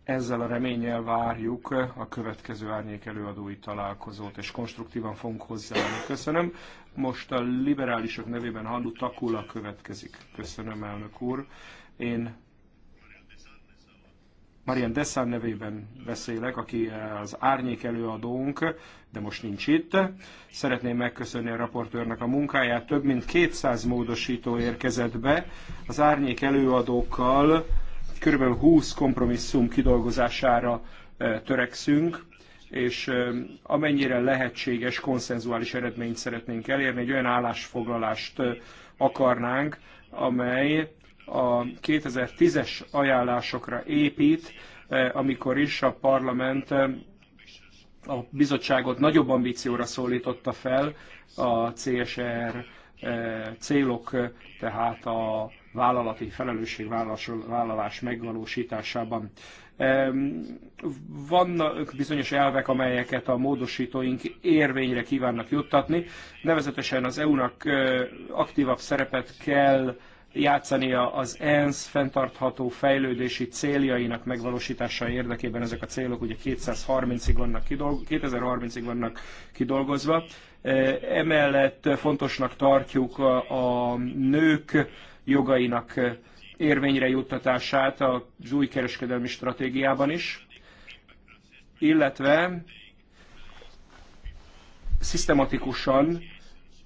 ezzel a reménnyel várjuk a következő árnyék előadói találkozót, és konstruktívan fogunk hozzáállni. Köszönöm. Most a liberálisok nevében Handu Takula következik. Köszönöm, elnök úr. Én Marian Dessan nevében beszélek, aki az árnyék előadónk, de most nincs itt. Szeretném megköszönni a raportőrnek a munkáját. Több mint 200 módosító érkezett be. Az árnyék előadókkal kb. 20 kompromisszum kidolgozására törekszünk és amennyire lehetséges konszenzuális eredményt szeretnénk elérni, egy olyan állásfoglalást akarnánk, amely a 2010-es ajánlásokra épít, eh, amikor is a parlament eh, a bizottságot nagyobb ambícióra szólította fel a CSR eh, célok, tehát a vállalati felelősségvállalás megvalósításában. Vannak bizonyos elvek, amelyeket a módosítóink érvényre kívánnak juttatni, nevezetesen az EU-nak aktívabb szerepet kell játszania az ENSZ fenntartható fejlődési céljainak megvalósítása érdekében. Ezek a célok ugye 230-ig vannak kidolgozva, 2030-ig vannak kidolgozva. Emellett fontosnak tartjuk a nők jogainak érvényre juttatását az új kereskedelmi stratégiában is, illetve szisztematikusan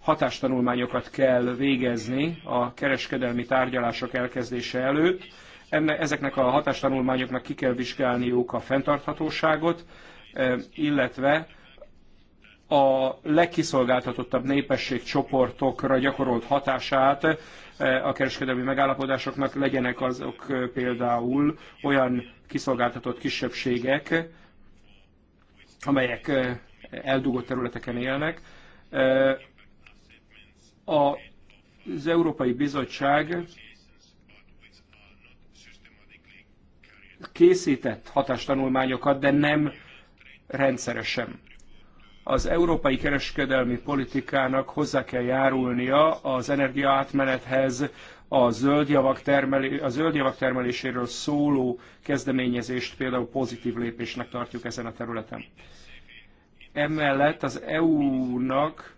hatástanulmányokat kell végezni a kereskedelmi tárgyalások elkezdése előtt. Enne, ezeknek a hatástanulmányoknak ki kell vizsgálniuk a fenntarthatóságot, e, illetve a legkiszolgáltatottabb népességcsoportokra gyakorolt hatását e, a kereskedelmi megállapodásoknak legyenek azok e, például olyan kiszolgáltatott kisebbségek, amelyek eldugott területeken élnek. A az Európai Bizottság készített hatástanulmányokat, de nem rendszeresen. Az európai kereskedelmi politikának hozzá kell járulnia az energiaátmenethez, a zöld, javak termelé, a zöld javak termeléséről szóló kezdeményezést például pozitív lépésnek tartjuk ezen a területen. Emellett az EU-nak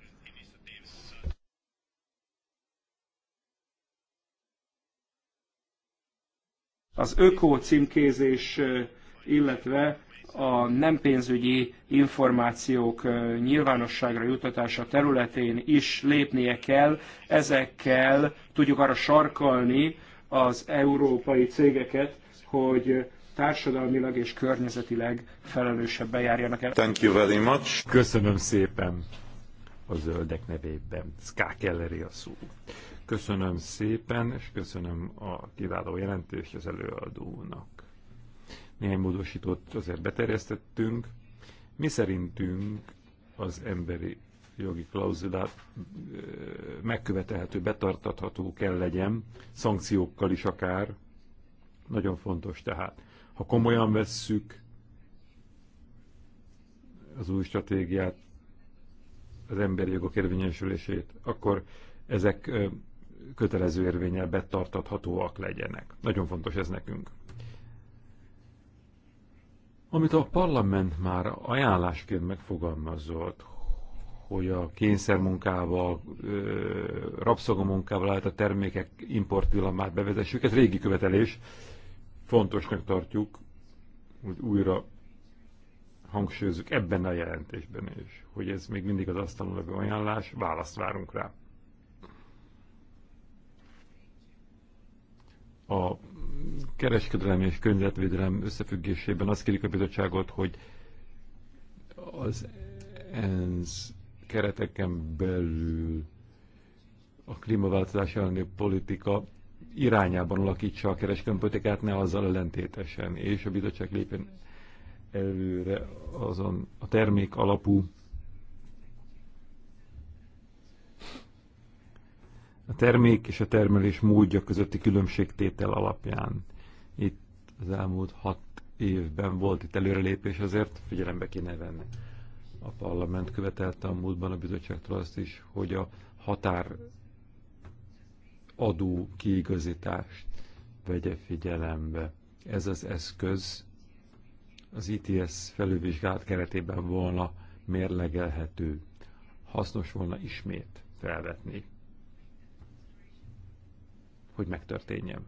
az öko címkézés, illetve a nem pénzügyi információk nyilvánosságra jutatása területén is lépnie kell. Ezekkel tudjuk arra sarkalni az európai cégeket, hogy társadalmilag és környezetileg felelősebben járjanak el. Thank you very much. Köszönöm szépen a zöldek nevében. Ská Kelleri a szó. Köszönöm szépen, és köszönöm a kiváló jelentést az előadónak. Néhány módosítót azért beterjesztettünk. Mi szerintünk az emberi jogi klauzulát megkövetelhető, betartatható kell legyen, szankciókkal is akár. Nagyon fontos tehát. Ha komolyan vesszük az új stratégiát, az emberi jogok érvényesülését, akkor ezek kötelező érvényel betartathatóak legyenek. Nagyon fontos ez nekünk. Amit a parlament már ajánlásként megfogalmazott, hogy a kényszermunkával, rabszolgamunkával állt a termékek importvillamát bevezessük, ez régi követelés, fontosnak tartjuk, hogy újra hangsúlyozzuk ebben a jelentésben is, hogy ez még mindig az asztalon levő ajánlás, választ várunk rá. a kereskedelem és környezetvédelem összefüggésében azt kérik a bizottságot, hogy az ENSZ kereteken belül a klímaváltozás elleni politika irányában alakítsa a kereskedelmi politikát, ne azzal ellentétesen, és a bizottság lépjen előre azon a termék alapú a termék és a termelés módja közötti különbségtétel alapján. Itt az elmúlt hat évben volt itt előrelépés, azért figyelembe kéne venni. A parlament követelte a múltban a bizottságtól azt is, hogy a határ adó kiigazítást vegye figyelembe. Ez az eszköz az ITS felülvizsgálat keretében volna mérlegelhető. Hasznos volna ismét felvetni hogy megtörténjen.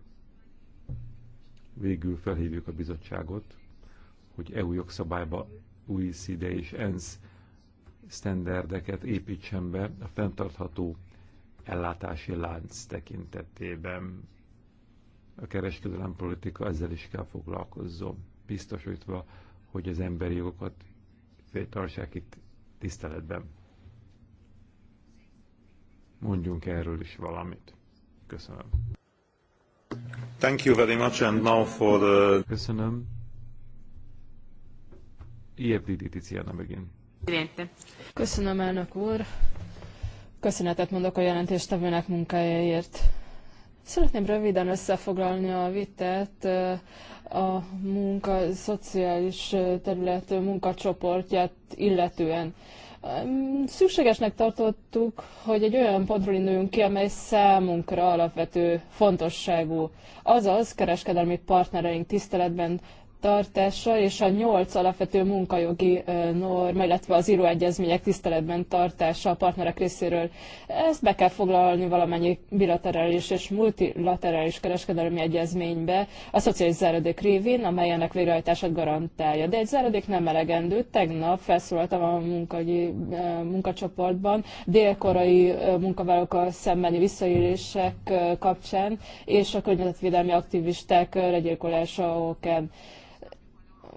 Végül felhívjuk a bizottságot, hogy EU jogszabályba OECD és ENSZ sztenderdeket építsen be a fenntartható ellátási lánc tekintetében. A kereskedelem politika ezzel is kell foglalkozzon, biztosítva, hogy az emberi jogokat tartsák itt tiszteletben. Mondjunk erről is valamit. Köszönöm. Thank you very much and now for the... Köszönöm. IFDD Tiziana megint. Köszönöm, elnök úr. Köszönetet mondok a jelentéstevőnek munkájáért. Szeretném röviden összefoglalni a vitát eh, a munka, szociális eh, terület eh, munkacsoportját illetően. Szükségesnek tartottuk, hogy egy olyan pontról induljunk ki, amely számunkra alapvető fontosságú, azaz kereskedelmi partnereink tiszteletben tartása és a nyolc alapvető munkajogi norma, illetve az íróegyezmények tiszteletben tartása a partnerek részéről. Ezt be kell foglalni valamennyi bilaterális és multilaterális kereskedelmi egyezménybe a szociális záradék révén, amely ennek végrehajtását garantálja. De egy záradék nem elegendő. Tegnap felszólaltam a munkagyi, munkacsoportban délkorai munkavállalókkal szembeni visszaélések kapcsán és a környezetvédelmi aktivisták legyilkolása okán.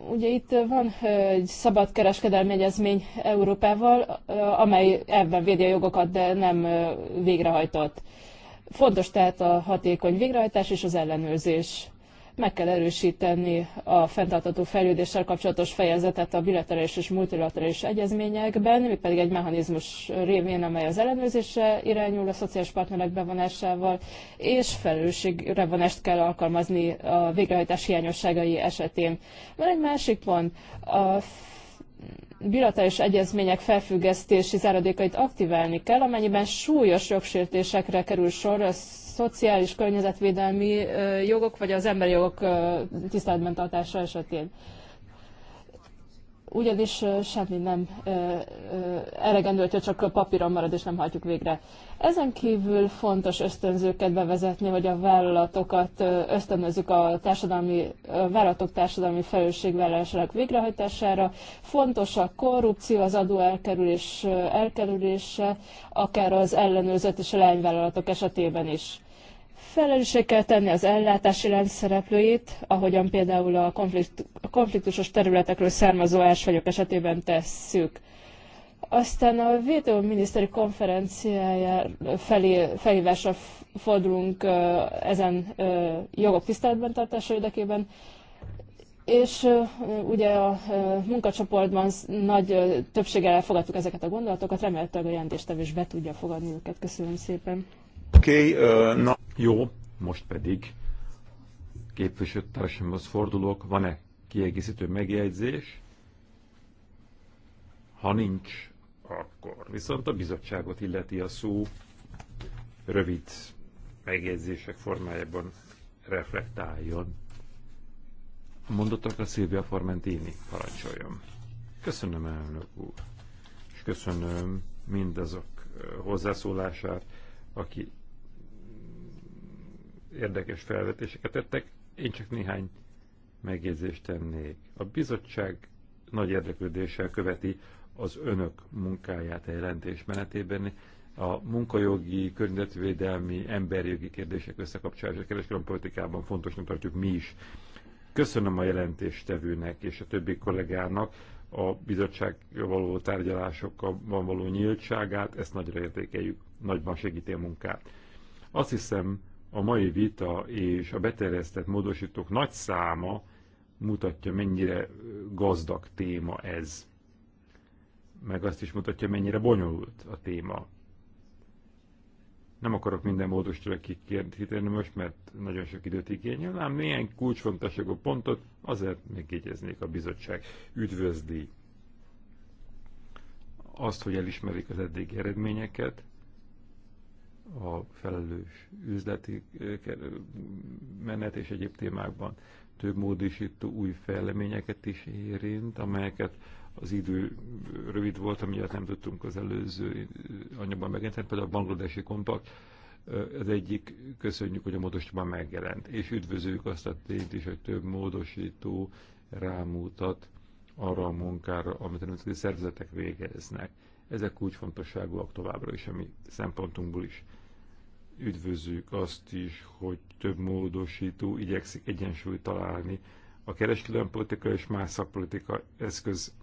Ugye itt van egy szabad kereskedelmi egyezmény Európával, amely ebben védi a jogokat, de nem végrehajtott. Fontos tehát a hatékony végrehajtás és az ellenőrzés meg kell erősíteni a fenntartató fejlődéssel kapcsolatos fejezetet a bilaterális és multilaterális egyezményekben, mi pedig egy mechanizmus révén, amely az ellenőrzésre irányul a szociális partnerek bevonásával, és felelősségre vonást kell alkalmazni a végrehajtás hiányosságai esetén. Van egy másik pont, a bilaterális egyezmények felfüggesztési záradékait aktiválni kell, amennyiben súlyos jogsértésekre kerül sor az szociális, környezetvédelmi jogok, vagy az emberi jogok tiszteletben tartása esetén. Ugyanis semmi nem elegendő, hogyha csak papíron marad és nem hajtjuk végre. Ezen kívül fontos ösztönzőket bevezetni, hogy a vállalatokat ösztönözzük a, társadalmi, a vállalatok társadalmi felelősségvállalásának végrehajtására. Fontos a korrupció, az elkerülés elkerülése, akár az ellenőrzött és a lányvállalatok esetében is felelősség kell tenni az ellátási lánc szereplőit, ahogyan például a, konfliktusos területekről származó ásványok esetében tesszük. Aztán a VTO miniszteri konferenciája felé, felhívásra fordulunk ezen jogok tiszteletben tartása érdekében, és ugye a munkacsoportban nagy többséggel elfogadtuk ezeket a gondolatokat, remélhetőleg a jelentéstevő is be tudja fogadni őket. Köszönöm szépen. Okay, uh, na. Jó, most pedig képviselőtársamhoz fordulok. Van-e kiegészítő megjegyzés? Ha nincs, akkor viszont a bizottságot illeti a szó rövid megjegyzések formájában reflektáljon. A mondottakra Szilvia Formentini parancsoljon. Köszönöm, elnök úr, és köszönöm mindazok uh, hozzászólását, aki érdekes felvetéseket tettek, én csak néhány megjegyzést tennék. A bizottság nagy érdeklődéssel követi az önök munkáját a jelentés menetében. A munkajogi, környezetvédelmi, emberjogi kérdések összekapcsolása kereskedelmi politikában fontosnak tartjuk mi is. Köszönöm a jelentéstevőnek és a többi kollégának a bizottság való tárgyalásokban való nyíltságát, ezt nagyra értékeljük, nagyban segíti a munkát. Azt hiszem, a mai vita és a beterjesztett módosítók nagy száma mutatja, mennyire gazdag téma ez. Meg azt is mutatja, mennyire bonyolult a téma. Nem akarok minden módosítóra kikérni most, mert nagyon sok időt igényel, ám milyen kulcsfontosságú pontot azért megjegyeznék a bizottság. Üdvözli azt, hogy elismerik az eddigi eredményeket, a felelős üzleti menet és egyéb témákban több módosító új fejleményeket is érint, amelyeket az idő rövid volt, amiért nem tudtunk az előző anyagban megjelenteni, például a bangladesi kompakt, az egyik, köszönjük, hogy a módosítóban megjelent, és üdvözöljük azt a tényt is, hogy több módosító rámutat arra a munkára, amit a nemzetközi szervezetek végeznek. Ezek úgy fontosságúak továbbra is, ami szempontunkból is üdvözlük azt is, hogy több módosító igyekszik egyensúlyt találni a kereskedelempolitika és más szakpolitika eszköz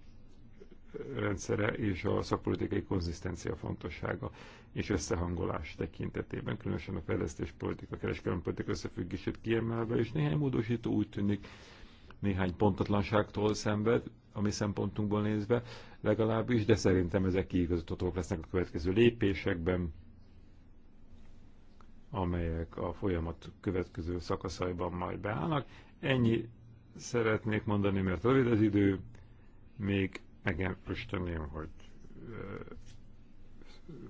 rendszere és a szakpolitikai konzisztencia fontossága és összehangolás tekintetében, különösen a fejlesztés politika kereskedelmi politika összefüggését kiemelve, és néhány módosító úgy tűnik néhány pontatlanságtól szenved, a mi szempontunkból nézve legalábbis, de szerintem ezek kiigazíthatók lesznek a következő lépésekben amelyek a folyamat következő szakaszaiban majd beállnak. Ennyi szeretnék mondani, mert rövid az idő, még megemlíteném, hogy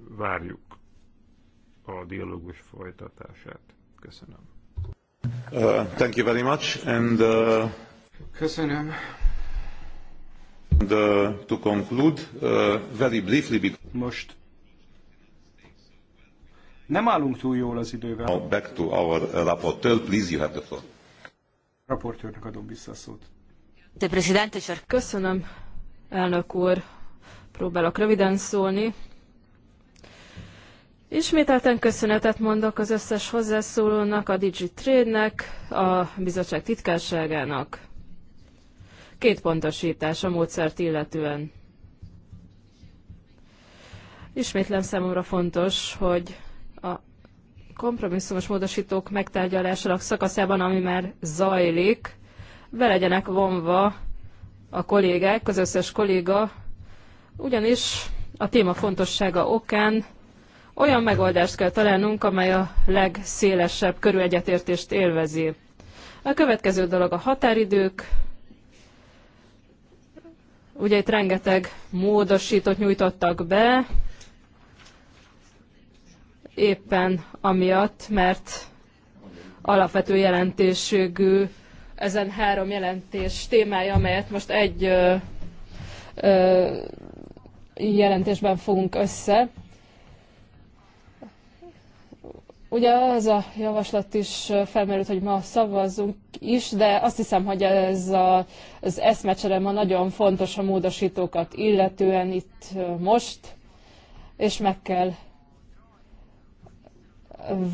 várjuk a dialógus folytatását. Köszönöm. Uh, thank you very much, and uh, köszönöm. And, uh, to conclude, uh, very briefly. Most nem állunk túl jól az idővel. Now back to our uh, rapporteur, please you have the floor. Raportőrnek adom vissza a szót. De presidente, köszönöm, elnök úr. Próbálok röviden szólni. Ismételten köszönetet mondok az összes hozzászólónak, a DigiTrade-nek, a bizottság titkárságának. Két pontosítás a módszert illetően. Ismétlem számomra fontos, hogy a kompromisszumos módosítók megtárgyalásának szakaszában, ami már zajlik, be legyenek vonva a kollégák, az összes kolléga, ugyanis a téma fontossága okán olyan megoldást kell találnunk, amely a legszélesebb körű egyetértést élvezi. A következő dolog a határidők. Ugye itt rengeteg módosítót nyújtottak be, éppen amiatt, mert alapvető ez ezen három jelentés témája, amelyet most egy ö, ö, jelentésben fogunk össze. Ugye az a javaslat is felmerült, hogy ma szavazzunk is, de azt hiszem, hogy ez a, az eszmecsere ma nagyon fontos a módosítókat illetően itt most, és meg kell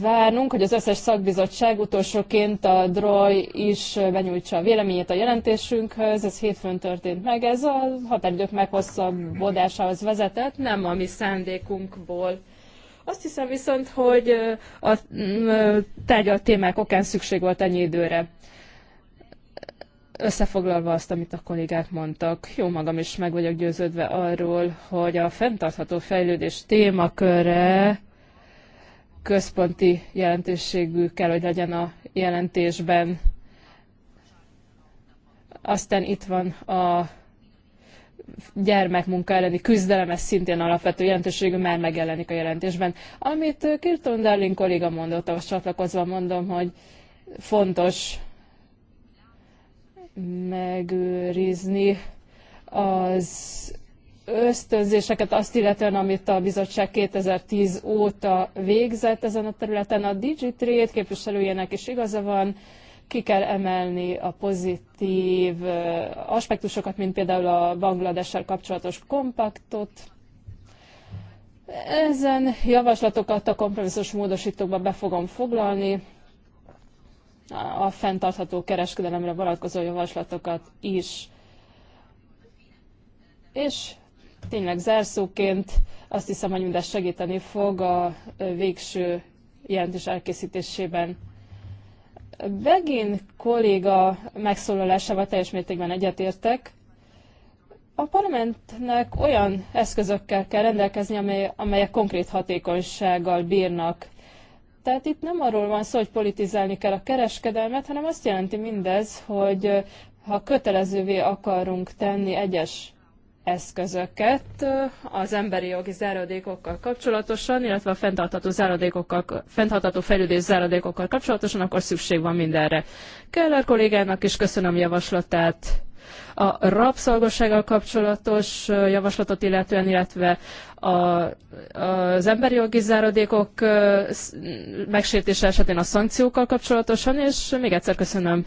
várnunk, hogy az összes szakbizottság utolsóként a DROI is benyújtsa a véleményét a jelentésünkhöz. Ez hétfőn történt meg. Ez a határidők meghosszabbodásához vezetett, nem a mi szándékunkból. Azt hiszem viszont, hogy a tárgyalt témák okán szükség volt ennyi időre. Összefoglalva azt, amit a kollégák mondtak, jó magam is meg vagyok győződve arról, hogy a fenntartható fejlődés témaköre központi jelentőségű kell, hogy legyen a jelentésben. Aztán itt van a gyermekmunka elleni küzdelem, ez szintén alapvető jelentőségű, már megjelenik a jelentésben. Amit uh, Kirton Darling kolléga mondott, ahhoz csatlakozva mondom, hogy fontos megőrizni az ösztönzéseket azt illetően, amit a bizottság 2010 óta végzett ezen a területen. A DigiTrade képviselőjének is igaza van, ki kell emelni a pozitív aspektusokat, mint például a Bangladessel kapcsolatos kompaktot. Ezen javaslatokat a kompromisszus módosítókba be fogom foglalni, a fenntartható kereskedelemre vonatkozó javaslatokat is. És Tényleg zárszóként azt hiszem, hogy mindez segíteni fog a végső jelentés elkészítésében. Begin kolléga megszólalásával teljes mértékben egyetértek. A parlamentnek olyan eszközökkel kell rendelkezni, amely, amelyek konkrét hatékonysággal bírnak. Tehát itt nem arról van szó, hogy politizálni kell a kereskedelmet, hanem azt jelenti mindez, hogy ha kötelezővé akarunk tenni egyes eszközöket az emberi jogi záradékokkal kapcsolatosan, illetve a fenntartható, záradékokkal, fenntartható fejlődés záradékokkal kapcsolatosan, akkor szükség van mindenre. Keller kollégának is köszönöm javaslatát a rabszolgossággal kapcsolatos javaslatot illetően, illetve a, az emberi jogi záradékok megsértése esetén a szankciókkal kapcsolatosan, és még egyszer köszönöm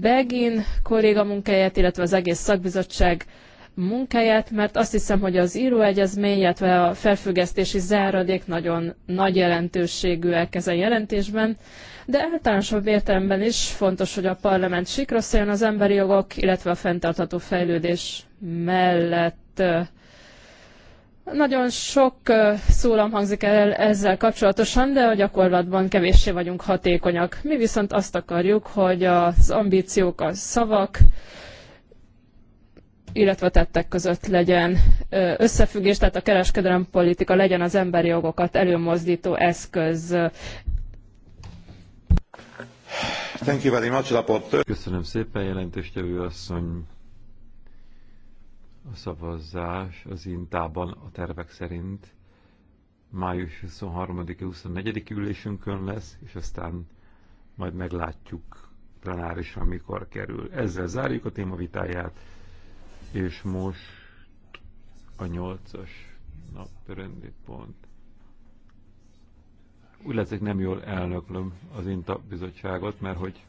Begin kolléga munkáját, illetve az egész szakbizottság munkáját, mert azt hiszem, hogy az íróegyezmény, illetve a felfüggesztési záradék nagyon nagy jelentőségűek ezen jelentésben, de általánosabb értelemben is fontos, hogy a parlament sikra szóljon az emberi jogok, illetve a fenntartható fejlődés mellett. Nagyon sok szólam hangzik el ezzel kapcsolatosan, de a gyakorlatban kevéssé vagyunk hatékonyak. Mi viszont azt akarjuk, hogy az ambíciók a szavak, illetve a tettek között legyen összefüggés, tehát a kereskedelem politika legyen az emberi jogokat előmozdító eszköz. Thank you very much, rapporteur. Köszönöm szépen, jelentéstevő asszony. A szavazás az Intában a tervek szerint május 23-24. ülésünkön lesz, és aztán majd meglátjuk plenárisra, mikor kerül. Ezzel zárjuk a témavitáját. És most a nyolcas naprendi pont. Úgy leszek nem jól elnöklöm az INTA bizottságot, mert hogy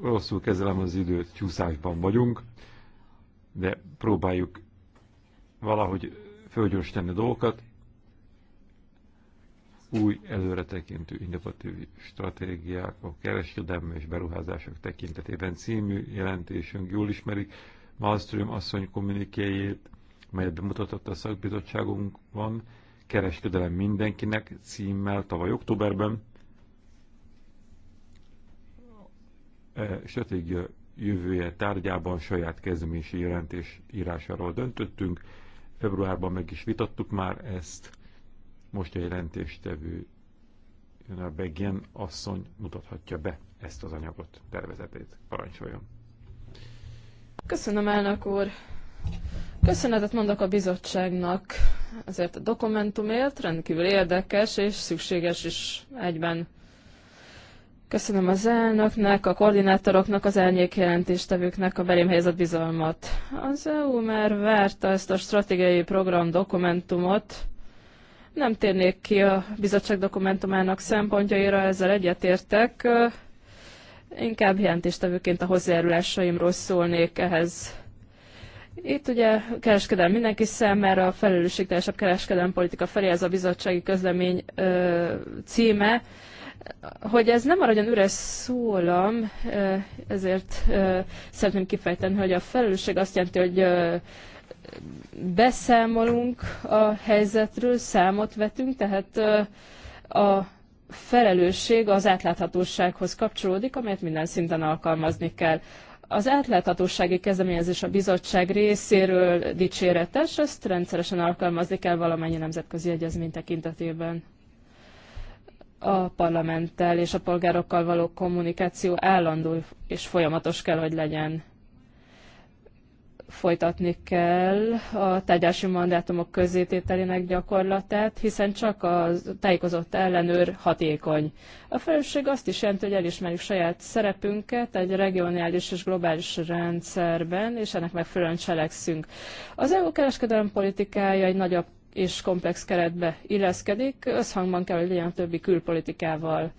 rosszul kezelem az időt, csúszásban vagyunk, de próbáljuk valahogy fölgyorsítani a dolgokat új előretekintő innovatív stratégiák a kereskedelmi és beruházások tekintetében című jelentésünk jól ismerik Malmström asszony kommunikéjét, melyet bemutatott a szakbizottságunkban, kereskedelem mindenkinek címmel tavaly októberben. E stratégia jövője tárgyában saját kezdeményezési jelentés írásáról döntöttünk. Februárban meg is vitattuk már ezt most a jelentéstevő a Begyen asszony mutathatja be ezt az anyagot, tervezetét. Parancsoljon! Köszönöm, elnök úr! Köszönetet mondok a bizottságnak ezért a dokumentumért, rendkívül érdekes és szükséges is egyben. Köszönöm az elnöknek, a koordinátoroknak, az jelentéstevőknek a belém helyezett bizalmat. Az EU már várta ezt a stratégiai program dokumentumot, nem térnék ki a bizottság dokumentumának szempontjaira, ezzel egyetértek. Inkább jelentéstevőként a hozzájárulásaimról szólnék ehhez. Itt ugye kereskedelem mindenki számára, a felelősségteljesebb kereskedelem politika felé, ez a bizottsági közlemény ö, címe. Hogy ez nem maradjon üres szólam, ezért szeretném kifejteni, hogy a felelősség azt jelenti, hogy beszámolunk a helyzetről, számot vetünk, tehát a felelősség az átláthatósághoz kapcsolódik, amelyet minden szinten alkalmazni kell. Az átláthatósági kezdeményezés a bizottság részéről dicséretes, ezt rendszeresen alkalmazni kell valamennyi nemzetközi egyezmény tekintetében. A parlamenttel és a polgárokkal való kommunikáció állandó és folyamatos kell, hogy legyen folytatni kell a tárgyási mandátumok közzétételének gyakorlatát, hiszen csak a tájékozott ellenőr hatékony. A felelősség azt is jelenti, hogy elismerjük saját szerepünket egy regionális és globális rendszerben, és ennek megfelelően cselekszünk. Az EU kereskedelmi politikája egy nagyobb és komplex keretbe illeszkedik, összhangban kell, hogy legyen a többi külpolitikával.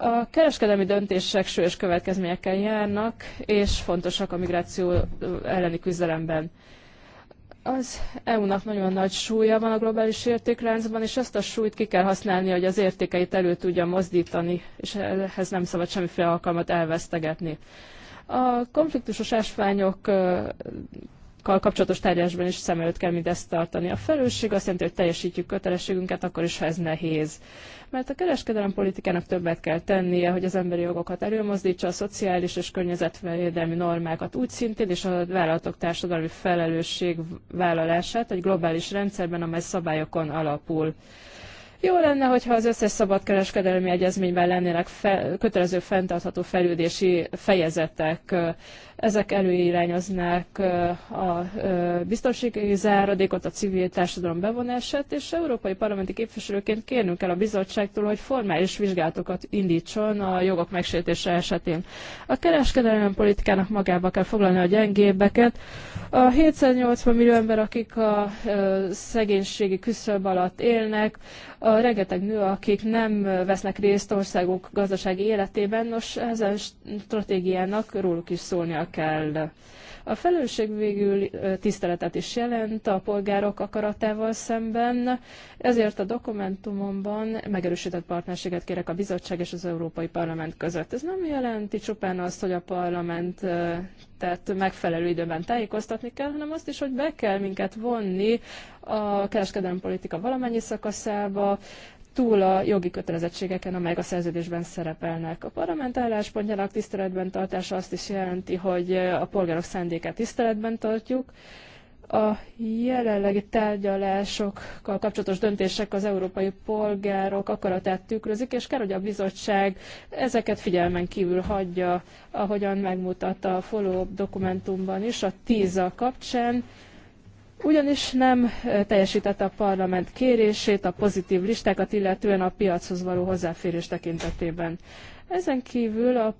A kereskedelmi döntések súlyos következményekkel járnak, és fontosak a migráció elleni küzdelemben. Az EU-nak nagyon nagy súlya van a globális értékláncban, és ezt a súlyt ki kell használni, hogy az értékeit elő tudja mozdítani, és ehhez nem szabad semmiféle alkalmat elvesztegetni. A konfliktusos ásványok kapcsolatos tárgyalásban is szem előtt kell mindezt tartani. A felelősség azt jelenti, hogy teljesítjük kötelességünket, akkor is, ha ez nehéz. Mert a kereskedelem politikának többet kell tennie, hogy az emberi jogokat előmozdítsa, a szociális és környezetvédelmi normákat úgy szintén, és a vállalatok társadalmi felelősség vállalását egy globális rendszerben, amely szabályokon alapul. Jó lenne, hogyha az összes szabadkereskedelmi egyezményben lennének fe, kötelező fenntartható fejlődési fejezetek. Ezek előirányoznák a biztonsági záradékot, a civil társadalom bevonását, és európai parlamenti képviselőként kérnünk el a bizottságtól, hogy formális vizsgálatokat indítson a jogok megsértése esetén. A kereskedelmi politikának magába kell foglalni a gyengébbeket. A 780 millió ember, akik a szegénységi küszöb alatt élnek, a rengeteg nő, akik nem vesznek részt országok gazdasági életében, nos, ezen stratégiának róluk is szólnia kell. A felelősség végül tiszteletet is jelent a polgárok akaratával szemben, ezért a dokumentumomban megerősített partnerséget kérek a bizottság és az Európai Parlament között. Ez nem jelenti csupán azt, hogy a parlament tehát megfelelő időben tájékoztatni kell, hanem azt is, hogy be kell minket vonni a kereskedelmi politika valamennyi szakaszába, túl a jogi kötelezettségeken, amelyek a szerződésben szerepelnek. A parlament álláspontjának tiszteletben tartása azt is jelenti, hogy a polgárok szándékát tiszteletben tartjuk. A jelenlegi tárgyalásokkal kapcsolatos döntések az európai polgárok akaratát tükrözik, és kell, hogy a bizottság ezeket figyelmen kívül hagyja, ahogyan megmutatta a follow-up dokumentumban is, a TISA kapcsán ugyanis nem teljesítette a parlament kérését a pozitív listákat, illetően a piachoz való hozzáférés tekintetében. Ezen kívül a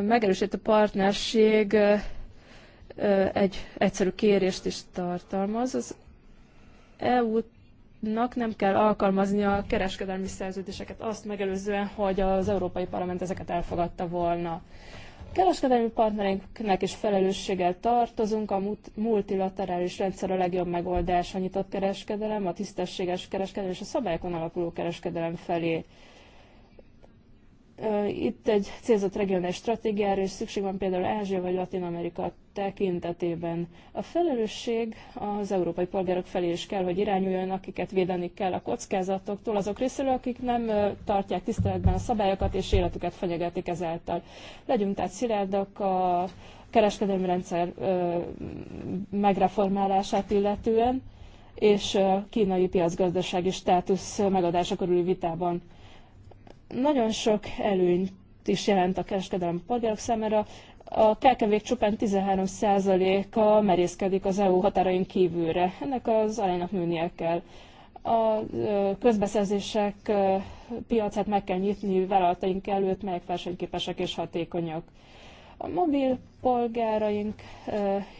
megerősített partnerség egy egyszerű kérést is tartalmaz. Az eu nak nem kell alkalmazni a kereskedelmi szerződéseket azt megelőzően, hogy az Európai Parlament ezeket elfogadta volna. Kereskedelmi partnereinknek is felelősséggel tartozunk, a multilaterális rendszer a legjobb megoldás a nyitott kereskedelem, a tisztességes kereskedelem és a szabályokon alapuló kereskedelem felé. Itt egy célzott regionális stratégiára is szükség van például Ázsia vagy Latin Amerika tekintetében. A felelősség az európai polgárok felé is kell, hogy irányuljon, akiket védeni kell a kockázatoktól, azok részéről, akik nem tartják tiszteletben a szabályokat és életüket fenyegetik ezáltal. Legyünk tehát szilárdak a kereskedelmi rendszer megreformálását illetően, és kínai piacgazdasági státusz megadása körüli vitában nagyon sok előnyt is jelent a kereskedelem polgárok számára. A kkv csupán 13%-a merészkedik az EU határain kívülre. Ennek az aránynak nőnie kell. A közbeszerzések piacát meg kell nyitni vállalataink előtt, melyek versenyképesek és hatékonyak. A mobil polgáraink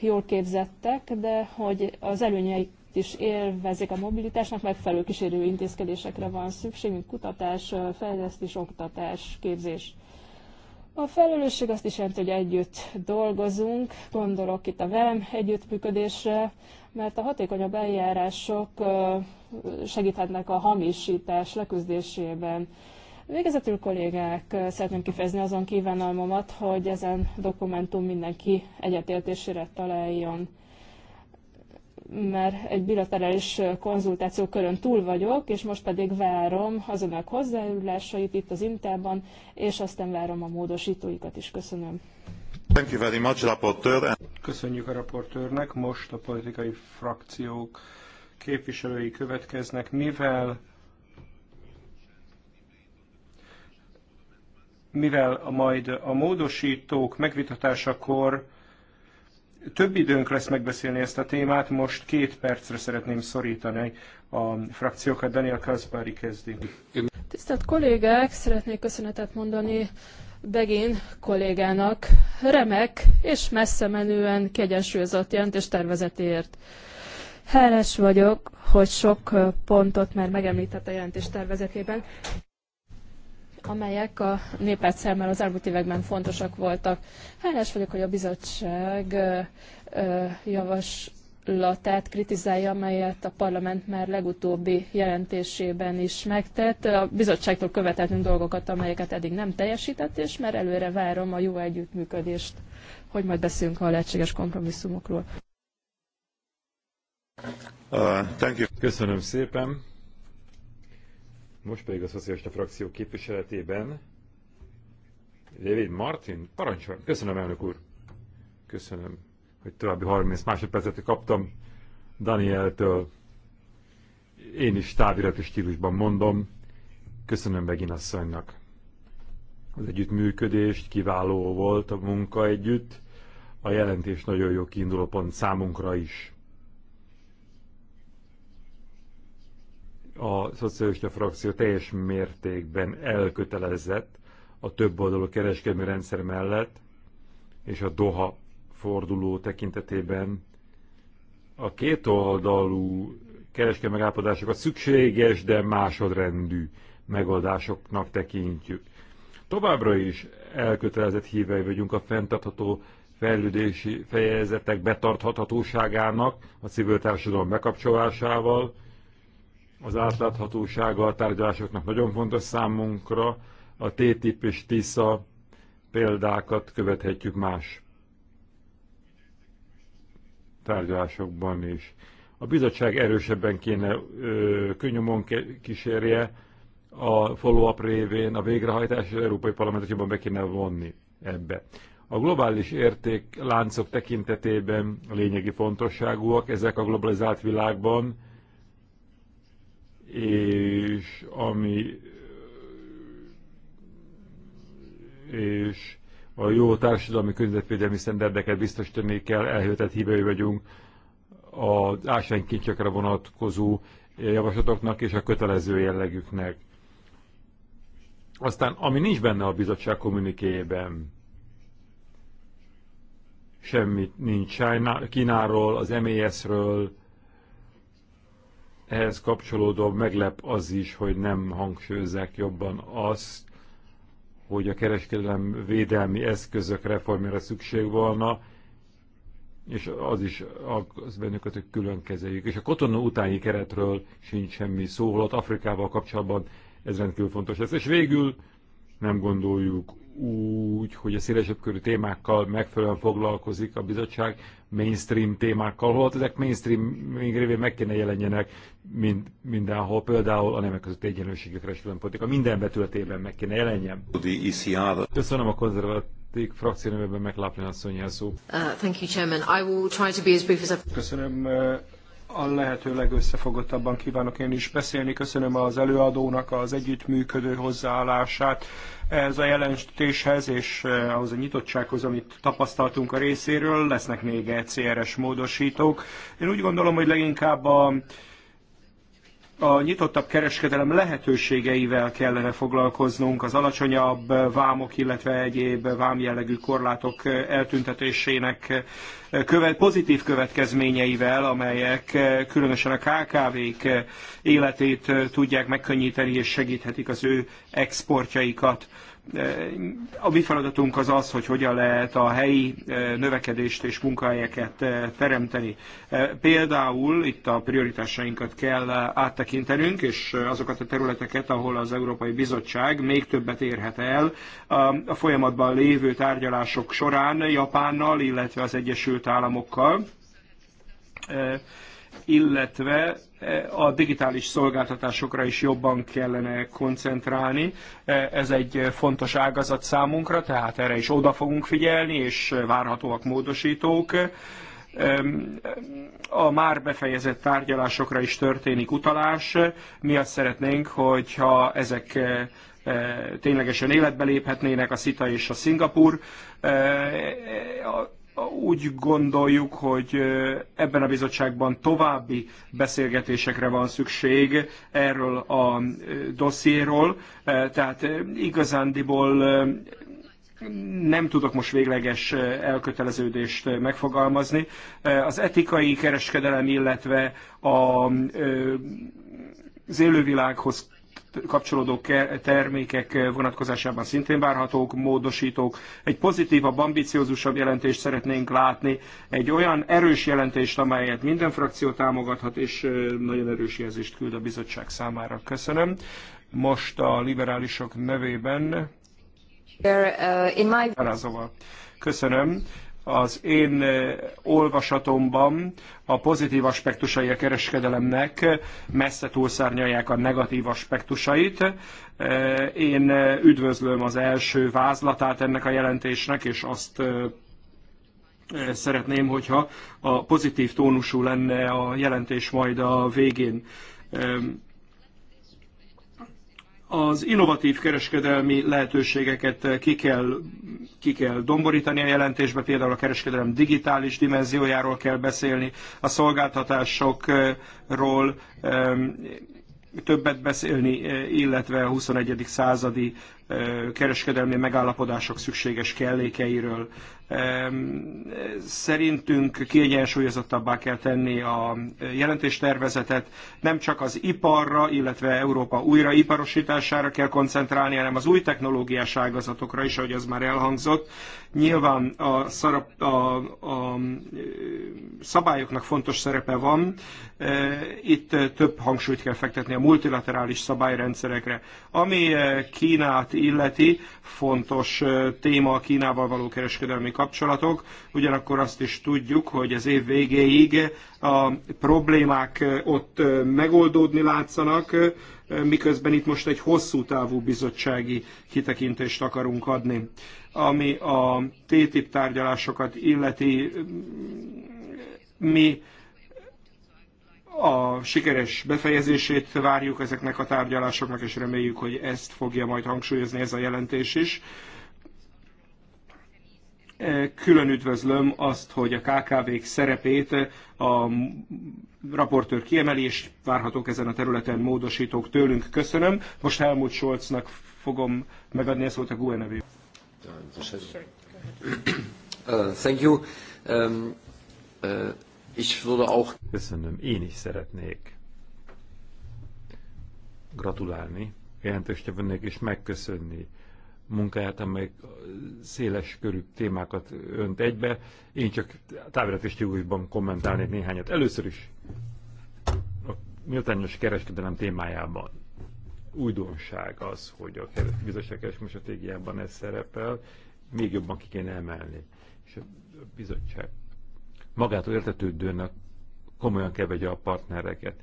jól képzettek, de hogy az előnyeik is élvezik a mobilitásnak, megfelelő kísérő intézkedésekre van szükség, mint kutatás, fejlesztés, oktatás, képzés. A felelősség azt is jelenti, hogy együtt dolgozunk, gondolok itt a velem együttműködésre, mert a hatékonyabb eljárások segíthetnek a hamisítás leküzdésében. Végezetül kollégák, szeretném kifejezni azon kívánalmamat, hogy ezen dokumentum mindenki egyetértésére találjon mert egy bilaterális konzultáció körön túl vagyok, és most pedig várom az önök hozzájárulásait itt az Intában, és aztán várom a módosítóikat is. Köszönöm. Thank you very much, rapporteur. Köszönjük a raportőrnek. Most a politikai frakciók képviselői következnek, mivel mivel majd a módosítók megvitatásakor több időnk lesz megbeszélni ezt a témát, most két percre szeretném szorítani a frakciókat. Daniel Kaspari kezdi. Tisztelt kollégák, szeretnék köszönetet mondani Begin kollégának remek és messze menően kiegyensúlyozott jelentés tervezetéért. Hálás vagyok, hogy sok pontot már megemlített a jelentés tervezetében amelyek a népát számára az elmúlt években fontosak voltak. Hálás vagyok, hogy a bizottság javaslatát kritizálja, amelyet a parlament már legutóbbi jelentésében is megtett. A bizottságtól követeltünk dolgokat, amelyeket eddig nem teljesített, és már előre várom a jó együttműködést, hogy majd beszélünk a lehetséges kompromisszumokról. Uh, Köszönöm szépen. Most pedig a szocialista frakció képviseletében David Martin, parancsolj! Köszönöm, elnök úr. Köszönöm, hogy további 30 másodpercet kaptam Danieltől. Én is távirati stílusban mondom. Köszönöm a asszonynak. Az együttműködést kiváló volt a munka együtt. A jelentés nagyon jó kiinduló pont számunkra is. a szocialista frakció teljes mértékben elkötelezett a több oldalú kereskedmi rendszer mellett, és a Doha forduló tekintetében a kétoldalú kereskedelmi megállapodásokat szükséges, de másodrendű megoldásoknak tekintjük. Továbbra is elkötelezett hívei vagyunk a fenntartható fejlődési fejezetek betarthatóságának a civil társadalom bekapcsolásával, az átláthatósága a tárgyalásoknak nagyon fontos számunkra, a TTIP és TISZA példákat követhetjük más tárgyalásokban is. A bizottság erősebben kéne könnyomon kísérje a follow-up révén a végrehajtás az Európai Parlamentet jobban be kéne vonni ebbe. A globális érték tekintetében lényegi fontosságúak ezek a globalizált világban, és ami és a jó társadalmi környezetvédelmi szenderdeket biztosítani kell, elhőtett hívei vagyunk az ásványkincsekre vonatkozó javaslatoknak és a kötelező jellegüknek. Aztán, ami nincs benne a bizottság kommunikéjében, semmit nincs Kínáról, az MES-ről, ehhez kapcsolódó meglep az is, hogy nem hangsúlyozzák jobban azt, hogy a kereskedelem védelmi eszközök reformjára szükség volna, és az is az bennünket, hogy külön kezeljük. És a kotonó utáni keretről sincs semmi szó, holott Afrikával kapcsolatban ez rendkívül fontos lesz. És végül nem gondoljuk úgy, hogy a szélesebb körű témákkal megfelelően foglalkozik a bizottság, mainstream témákkal, hol ezek mainstream még révén meg kéne jelenjenek mind, mindenhol, például a nemek között egyenlőségre kereskedelmi politika minden betületében meg kéne jelenjen. E Köszönöm a konzervatív frakció nevében McLaughlin asszony szó. Uh, thank you, Chairman. I will try to be as brief as I... Köszönöm, uh, a lehető legösszefogottabban kívánok én is beszélni. Köszönöm az előadónak az együttműködő hozzáállását ez a jelentéshez és eh, ahhoz a nyitottsághoz, amit tapasztaltunk a részéről, lesznek még ECRS módosítók. Én úgy gondolom, hogy leginkább a a nyitottabb kereskedelem lehetőségeivel kellene foglalkoznunk, az alacsonyabb vámok, illetve egyéb vámjellegű korlátok eltüntetésének követ, pozitív következményeivel, amelyek különösen a KKV-k életét tudják megkönnyíteni és segíthetik az ő exportjaikat. A mi feladatunk az az, hogy hogyan lehet a helyi e, növekedést és munkahelyeket e, teremteni. E, például itt a prioritásainkat kell áttekintenünk, és azokat a területeket, ahol az Európai Bizottság még többet érhet el a folyamatban lévő tárgyalások során Japánnal, illetve az Egyesült Államokkal illetve e, a digitális szolgáltatásokra is jobban kellene koncentrálni. E, ez egy fontos ágazat számunkra, tehát erre is oda fogunk figyelni, és várhatóak módosítók. E, a már befejezett tárgyalásokra is történik utalás. Mi azt szeretnénk, hogyha ezek ténylegesen életbe léphetnének a SZITA és a Szingapur úgy gondoljuk, hogy ebben a bizottságban további beszélgetésekre van szükség erről a dossziéról, tehát igazándiból nem tudok most végleges elköteleződést megfogalmazni. Az etikai kereskedelem, illetve a, az élővilághoz kapcsolódó termékek vonatkozásában szintén várhatók, módosítók. Egy pozitívabb, ambiciózusabb jelentést szeretnénk látni, egy olyan erős jelentést, amelyet minden frakció támogathat, és nagyon erős jelzést küld a bizottság számára. Köszönöm. Most a liberálisok nevében. Uh, Köszönöm az én olvasatomban a pozitív aspektusai a kereskedelemnek messze túlszárnyalják a negatív aspektusait. Én üdvözlöm az első vázlatát ennek a jelentésnek, és azt szeretném, hogyha a pozitív tónusú lenne a jelentés majd a végén az innovatív kereskedelmi lehetőségeket ki kell, ki kell domborítani a jelentésbe, például a kereskedelem digitális dimenziójáról kell beszélni, a szolgáltatásokról többet beszélni, eh, illetve a 21. századi kereskedelmi megállapodások szükséges kellékeiről. Szerintünk kiegyensúlyozottabbá kell tenni a jelentéstervezetet, nem csak az iparra, illetve Európa újraiparosítására kell koncentrálni, hanem az új technológiás ágazatokra is, ahogy az már elhangzott. Nyilván a, szarap, a, a szabályoknak fontos szerepe van, itt több hangsúlyt kell fektetni a multilaterális szabályrendszerekre. Ami Kínát illeti, fontos téma a Kínával való kereskedelmi kapcsolatok, ugyanakkor azt is tudjuk, hogy az év végéig a problémák ott megoldódni látszanak, miközben itt most egy hosszú távú bizottsági kitekintést akarunk adni. Ami a TTIP tárgyalásokat illeti, mi a sikeres befejezését várjuk ezeknek a tárgyalásoknak, és reméljük, hogy ezt fogja majd hangsúlyozni ez a jelentés is. E, külön üdvözlöm azt, hogy a KKV-k szerepét a raportőr kiemeli, és várhatók ezen a területen módosítók tőlünk. Köszönöm. Most Helmut Scholznak fogom megadni a szót a GUE nevében. Uh, thank you. Um, uh, Ich würde auch... Köszönöm, én is szeretnék gratulálni vennék és megköszönni munkáját, amely széles körű témákat önt egybe. Én csak távirati stílusban kommentálnék néhányat. Először is a méltányos kereskedelem témájában újdonság az, hogy a bizottság kereskedelmi stratégiában ez szerepel, még jobban ki kéne emelni. És a bizottság magától értetődőnek komolyan kell vegye a partnereket.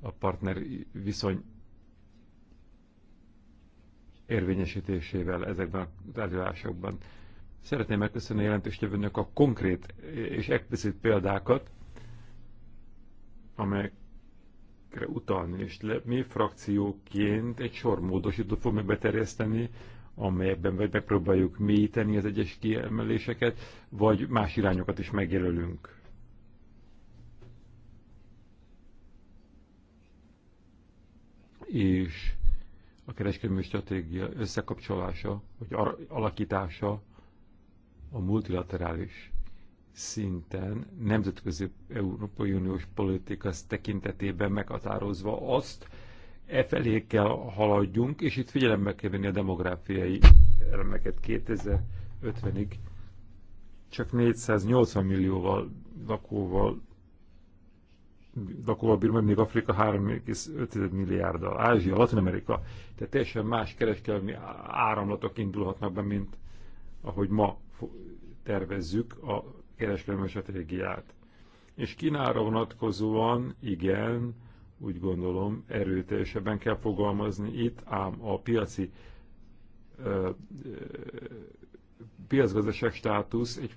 A partner viszony érvényesítésével ezekben az tárgyalásokban. Szeretném megköszönni a jelentéstevőnök a konkrét és explicit példákat, amelyekre utalni, és le, mi frakcióként egy sor módosítót fog beterjeszteni amelyekben vagy megpróbáljuk mélyíteni az egyes kiemeléseket, vagy más irányokat is megjelölünk. És a kereskedelmi stratégia összekapcsolása, vagy alakítása a multilaterális szinten nemzetközi Európai Uniós politika tekintetében meghatározva azt, e felé kell haladjunk, és itt figyelembe kell venni a demográfiai elemeket 2050-ig. Csak 480 millióval lakóval lakóval bír, még Afrika 3,5 milliárddal, Ázsia, Latin Amerika, tehát teljesen más kereskedelmi áramlatok indulhatnak be, mint ahogy ma tervezzük a kereskedelmi stratégiát. És Kínára vonatkozóan, igen, úgy gondolom erőteljesebben kell fogalmazni itt, ám a piaci piacgazdaság státusz egy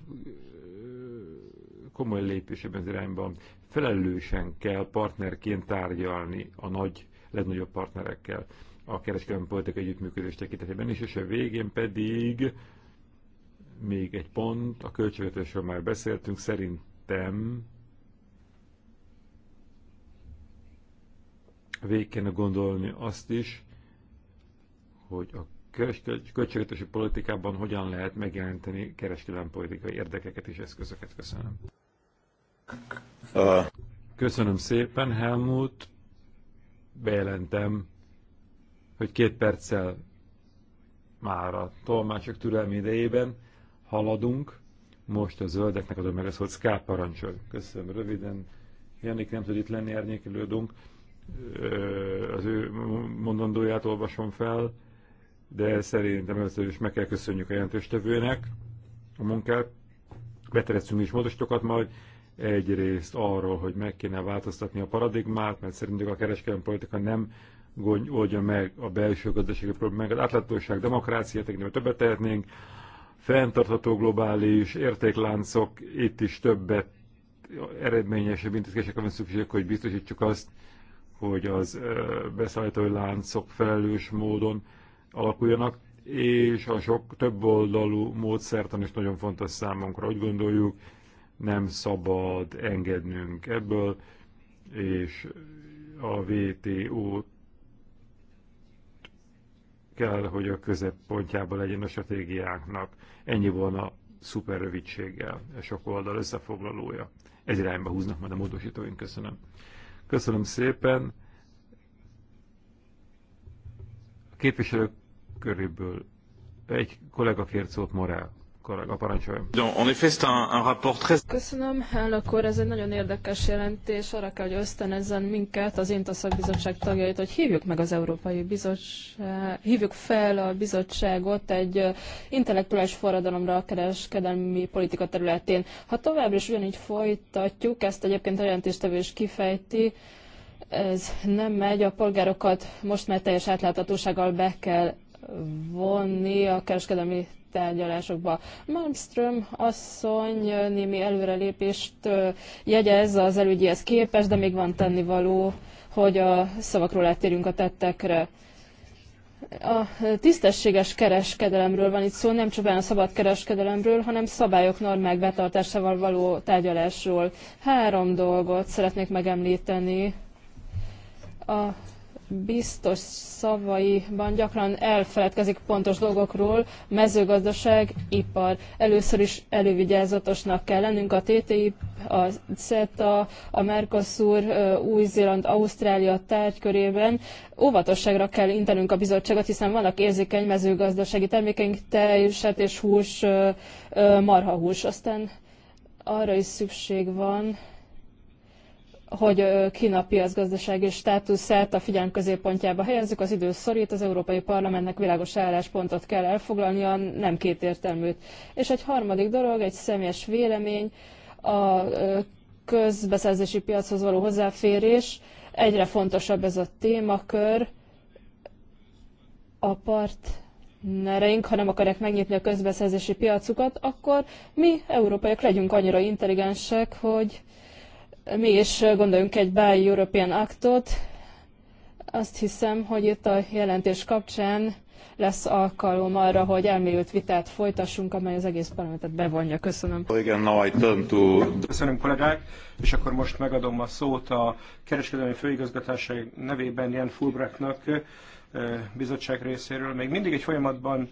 komoly lépésében az irányban. Felelősen kell partnerként tárgyalni a nagy, legnagyobb partnerekkel a kereskedelmi politika együttműködés tekintetében is, és a végén pedig még egy pont, a költségvetésről már beszéltünk, szerintem végig kéne gondolni azt is, hogy a költségvetési politikában hogyan lehet megjelenteni kereskedelmi politikai érdekeket és eszközöket. Köszönöm. Uh. Köszönöm szépen, Helmut. Bejelentem, hogy két perccel már a tolmácsok türelmi idejében haladunk. Most a zöldeknek adom meg a szót, Köszönöm röviden. Jannik nem tud itt lenni, árnyékelődünk az ő mondandóját olvasom fel, de szerintem először is meg kell köszönjük a jelentéstevőnek a munkát. Beteresztünk is módosítókat majd, egyrészt arról, hogy meg kéne változtatni a paradigmát, mert szerintük a kereskedelmi politika nem oldja meg a belső gazdasági problémákat, átláthatóság, demokrácia, tekintetben többet tehetnénk, fenntartható globális értékláncok, itt is többet eredményesebb intézkedések, van szükség, hogy biztosítsuk azt, hogy az beszállítói láncok felelős módon alakuljanak, és a sok több oldalú módszertan is nagyon fontos számunkra, úgy gondoljuk, nem szabad engednünk ebből, és a VTO kell, hogy a középpontjában legyen a stratégiáknak. Ennyi volna szuper rövidséggel, sok oldal összefoglalója. Ez irányba húznak majd a módosítóink. Köszönöm. Köszönöm szépen. A képviselők köréből egy kollega kért szót Morál kollega parancsoljon. Köszönöm, elnök úr, ez egy nagyon érdekes jelentés. Arra kell, hogy ösztönözzen minket, az én bizottság tagjait, hogy hívjuk meg az Európai Bizottság, hívjuk fel a bizottságot egy intellektuális forradalomra a kereskedelmi politika területén. Ha továbbra is ugyanígy folytatjuk, ezt egyébként a jelentéstevő is kifejti, ez nem megy, a polgárokat most már teljes átláthatósággal be kell vonni a kereskedelmi tárgyalásokba. Malmström asszony némi előrelépést jegyez az elügyihez képest, de még van tennivaló, hogy a szavakról áttérünk a tettekre. A tisztességes kereskedelemről van itt szó, nem csupán a szabad kereskedelemről, hanem szabályok, normák betartásával való tárgyalásról. Három dolgot szeretnék megemlíteni. A biztos szavaiban gyakran elfeledkezik pontos dolgokról, mezőgazdaság, ipar. Először is elővigyázatosnak kell lennünk a TTIP, a CETA, a Mercosur, Új-Zéland, Ausztrália tárgykörében. Óvatosságra kell intenünk a bizottságot, hiszen vannak érzékeny mezőgazdasági termékeink, tej és hús, marhahús. Aztán arra is szükség van, hogy Kína piacgazdasági státuszát a figyelm középpontjába helyezzük. Az idő szorít, az Európai Parlamentnek világos álláspontot kell elfoglalnia, nem kétértelműt. És egy harmadik dolog, egy személyes vélemény, a közbeszerzési piachoz való hozzáférés. Egyre fontosabb ez a témakör. A partnereink, ha nem akarják megnyitni a közbeszerzési piacukat, akkor mi, európaiak, legyünk annyira intelligensek, hogy mi is gondoljunk egy Buy European Act-ot. Azt hiszem, hogy itt a jelentés kapcsán lesz alkalom arra, hogy elmélyült vitát folytassunk, amely az egész parlamentet bevonja. Köszönöm. Igen, Köszönöm kollégák, és akkor most megadom a szót a kereskedelmi főigazgatáság nevében Jan Fulbrechtnak bizottság részéről. Még mindig egy folyamatban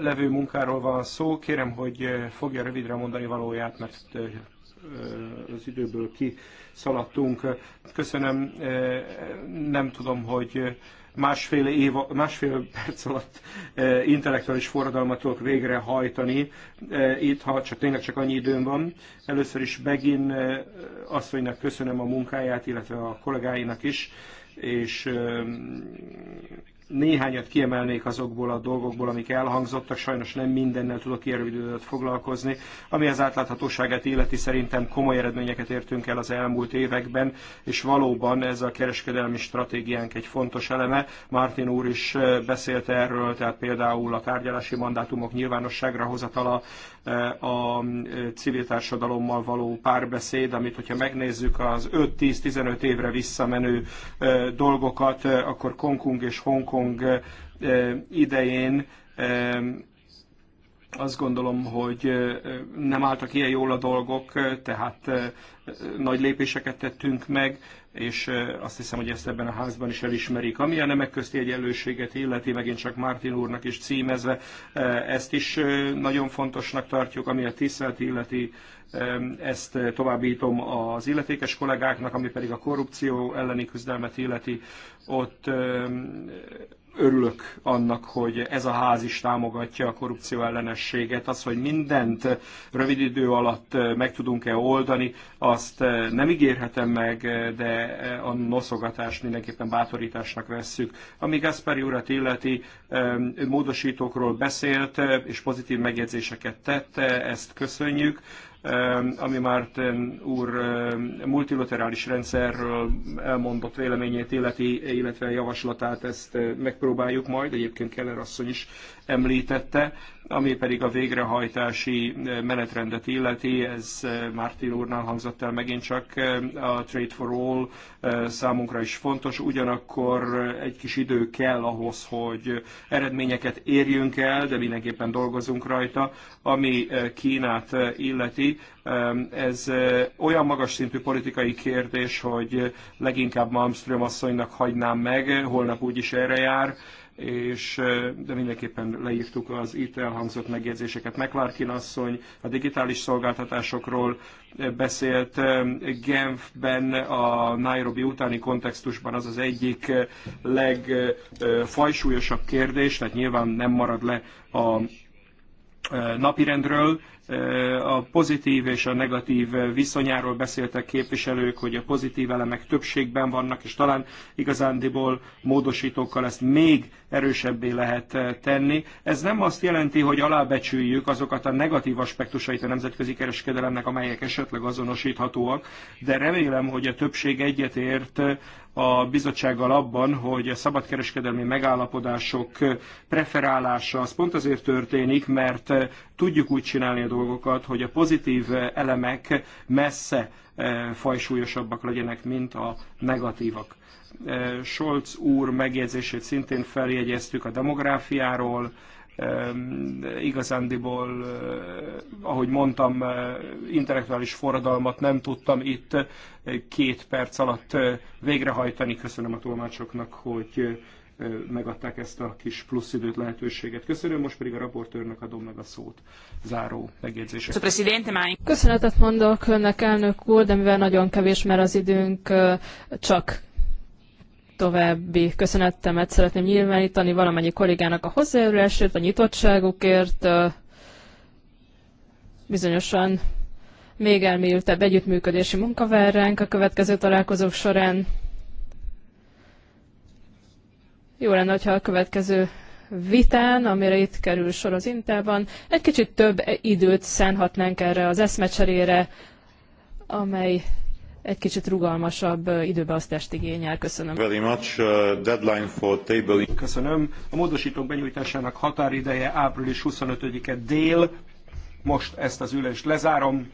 levő munkáról van szó. Kérem, hogy fogja rövidre mondani valóját, mert az időből kiszaladtunk. Köszönöm, nem tudom, hogy másfél, év, másfél perc alatt intellektuális forradalmat tudok végrehajtani. itt, ha csak tényleg csak annyi időm van, először is Begin asszonynak köszönöm a munkáját, illetve a kollégáinak is, és Néhányat kiemelnék azokból a dolgokból, amik elhangzottak, sajnos nem mindennel tudok ilyen rövid időt foglalkozni. Ami az átláthatóságát illeti, szerintem komoly eredményeket értünk el az elmúlt években, és valóban ez a kereskedelmi stratégiánk egy fontos eleme. Martin úr is eh, beszélt erről, tehát például a tárgyalási mandátumok nyilvánosságra hozatala, Eh, a eh, civil társadalommal való párbeszéd, amit hogyha megnézzük az 5-10-15 évre visszamenő eh, dolgokat, akkor Hongkong és Hongkong idején azt gondolom, hogy nem álltak ilyen jól a dolgok, tehát nagy lépéseket tettünk meg és azt hiszem, hogy ezt ebben a házban is elismerik. Ami a nemek közti egyenlőséget illeti, megint csak Mártin úrnak is címezve, ezt is nagyon fontosnak tartjuk, ami a tisztelt illeti, ezt továbbítom az illetékes kollégáknak, ami pedig a korrupció elleni küzdelmet illeti, ott örülök annak, hogy ez a ház is támogatja a korrupció ellenességet. Az, hogy mindent rövid idő alatt meg tudunk-e oldani, azt eh, nem ígérhetem meg, de eh, a noszogatást mindenképpen bátorításnak vesszük. Ami Gaspari urat illeti, eh, módosítókról beszélt, és pozitív megjegyzéseket tette, ezt köszönjük ami Márten úr multilaterális rendszerről elmondott véleményét illeti, illetve javaslatát, ezt megpróbáljuk majd, egyébként Keller asszony is említette, ami pedig a végrehajtási menetrendet illeti, ez Mártin úrnál hangzott el megint csak, a Trade for All számunkra is fontos, ugyanakkor egy kis idő kell ahhoz, hogy eredményeket érjünk el, de mindenképpen dolgozunk rajta, ami Kínát illeti, Ehm, ez eh, olyan magas szintű politikai kérdés, hogy leginkább Malmström asszonynak hagynám meg, holnap úgyis erre jár és eh, de mindenképpen leírtuk az itt elhangzott megjegyzéseket. McLarkin asszony a digitális szolgáltatásokról eh, beszélt. Ehm, Genfben a Nairobi utáni kontextusban az az egyik legfajsúlyosabb kérdés, tehát nyilván nem marad le a napirendről, a pozitív és a negatív viszonyáról beszéltek képviselők, hogy a pozitív elemek többségben vannak, és talán igazándiból módosítókkal ezt még erősebbé lehet tenni. Ez nem azt jelenti, hogy alábecsüljük azokat a negatív aspektusait a nemzetközi kereskedelemnek, amelyek esetleg azonosíthatóak, de remélem, hogy a többség egyetért a bizottsággal abban, hogy a szabadkereskedelmi megállapodások preferálása az pont azért történik, mert tudjuk úgy csinálni a dolgokat, hogy a pozitív elemek messze eh, fajsúlyosabbak legyenek, mint a negatívak. Eh, Scholz úr megjegyzését szintén feljegyeztük a demográfiáról, igazándiból, eh, ahogy mondtam, eh, intellektuális forradalmat nem tudtam itt eh, két perc alatt végrehajtani. Köszönöm a tolmácsoknak, hogy megadták ezt a kis plusz időt, lehetőséget. Köszönöm, most pedig a raportőrnek adom meg a szót. Záró megjegyzések. Szóval, Köszönetet mondok önnek, elnök úr, de mivel nagyon kevés, mert az időnk csak További köszönetemet szeretném nyilvánítani valamennyi kollégának a hozzájárulásért, a nyitottságukért. Bizonyosan még elmélyültebb együttműködési munka vár ránk a következő találkozók során. Jó lenne, ha a következő vitán, amire itt kerül sor az Intában, egy kicsit több időt szánhatnánk erre az eszmecserére, amely egy kicsit rugalmasabb időbeosztást igényel. Köszönöm. Very much. Uh, deadline for tabling. Köszönöm. A módosítók benyújtásának határideje április 25-e dél. Most ezt az ülést lezárom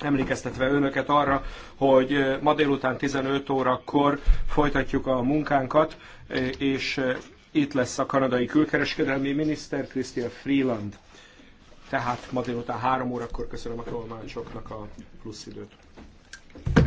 emlékeztetve önöket arra, hogy ma délután 15 órakor folytatjuk a munkánkat, és itt lesz a kanadai külkereskedelmi miniszter Christian Freeland. Tehát ma délután 3 órakor köszönöm a tolmácsoknak a plusz időt.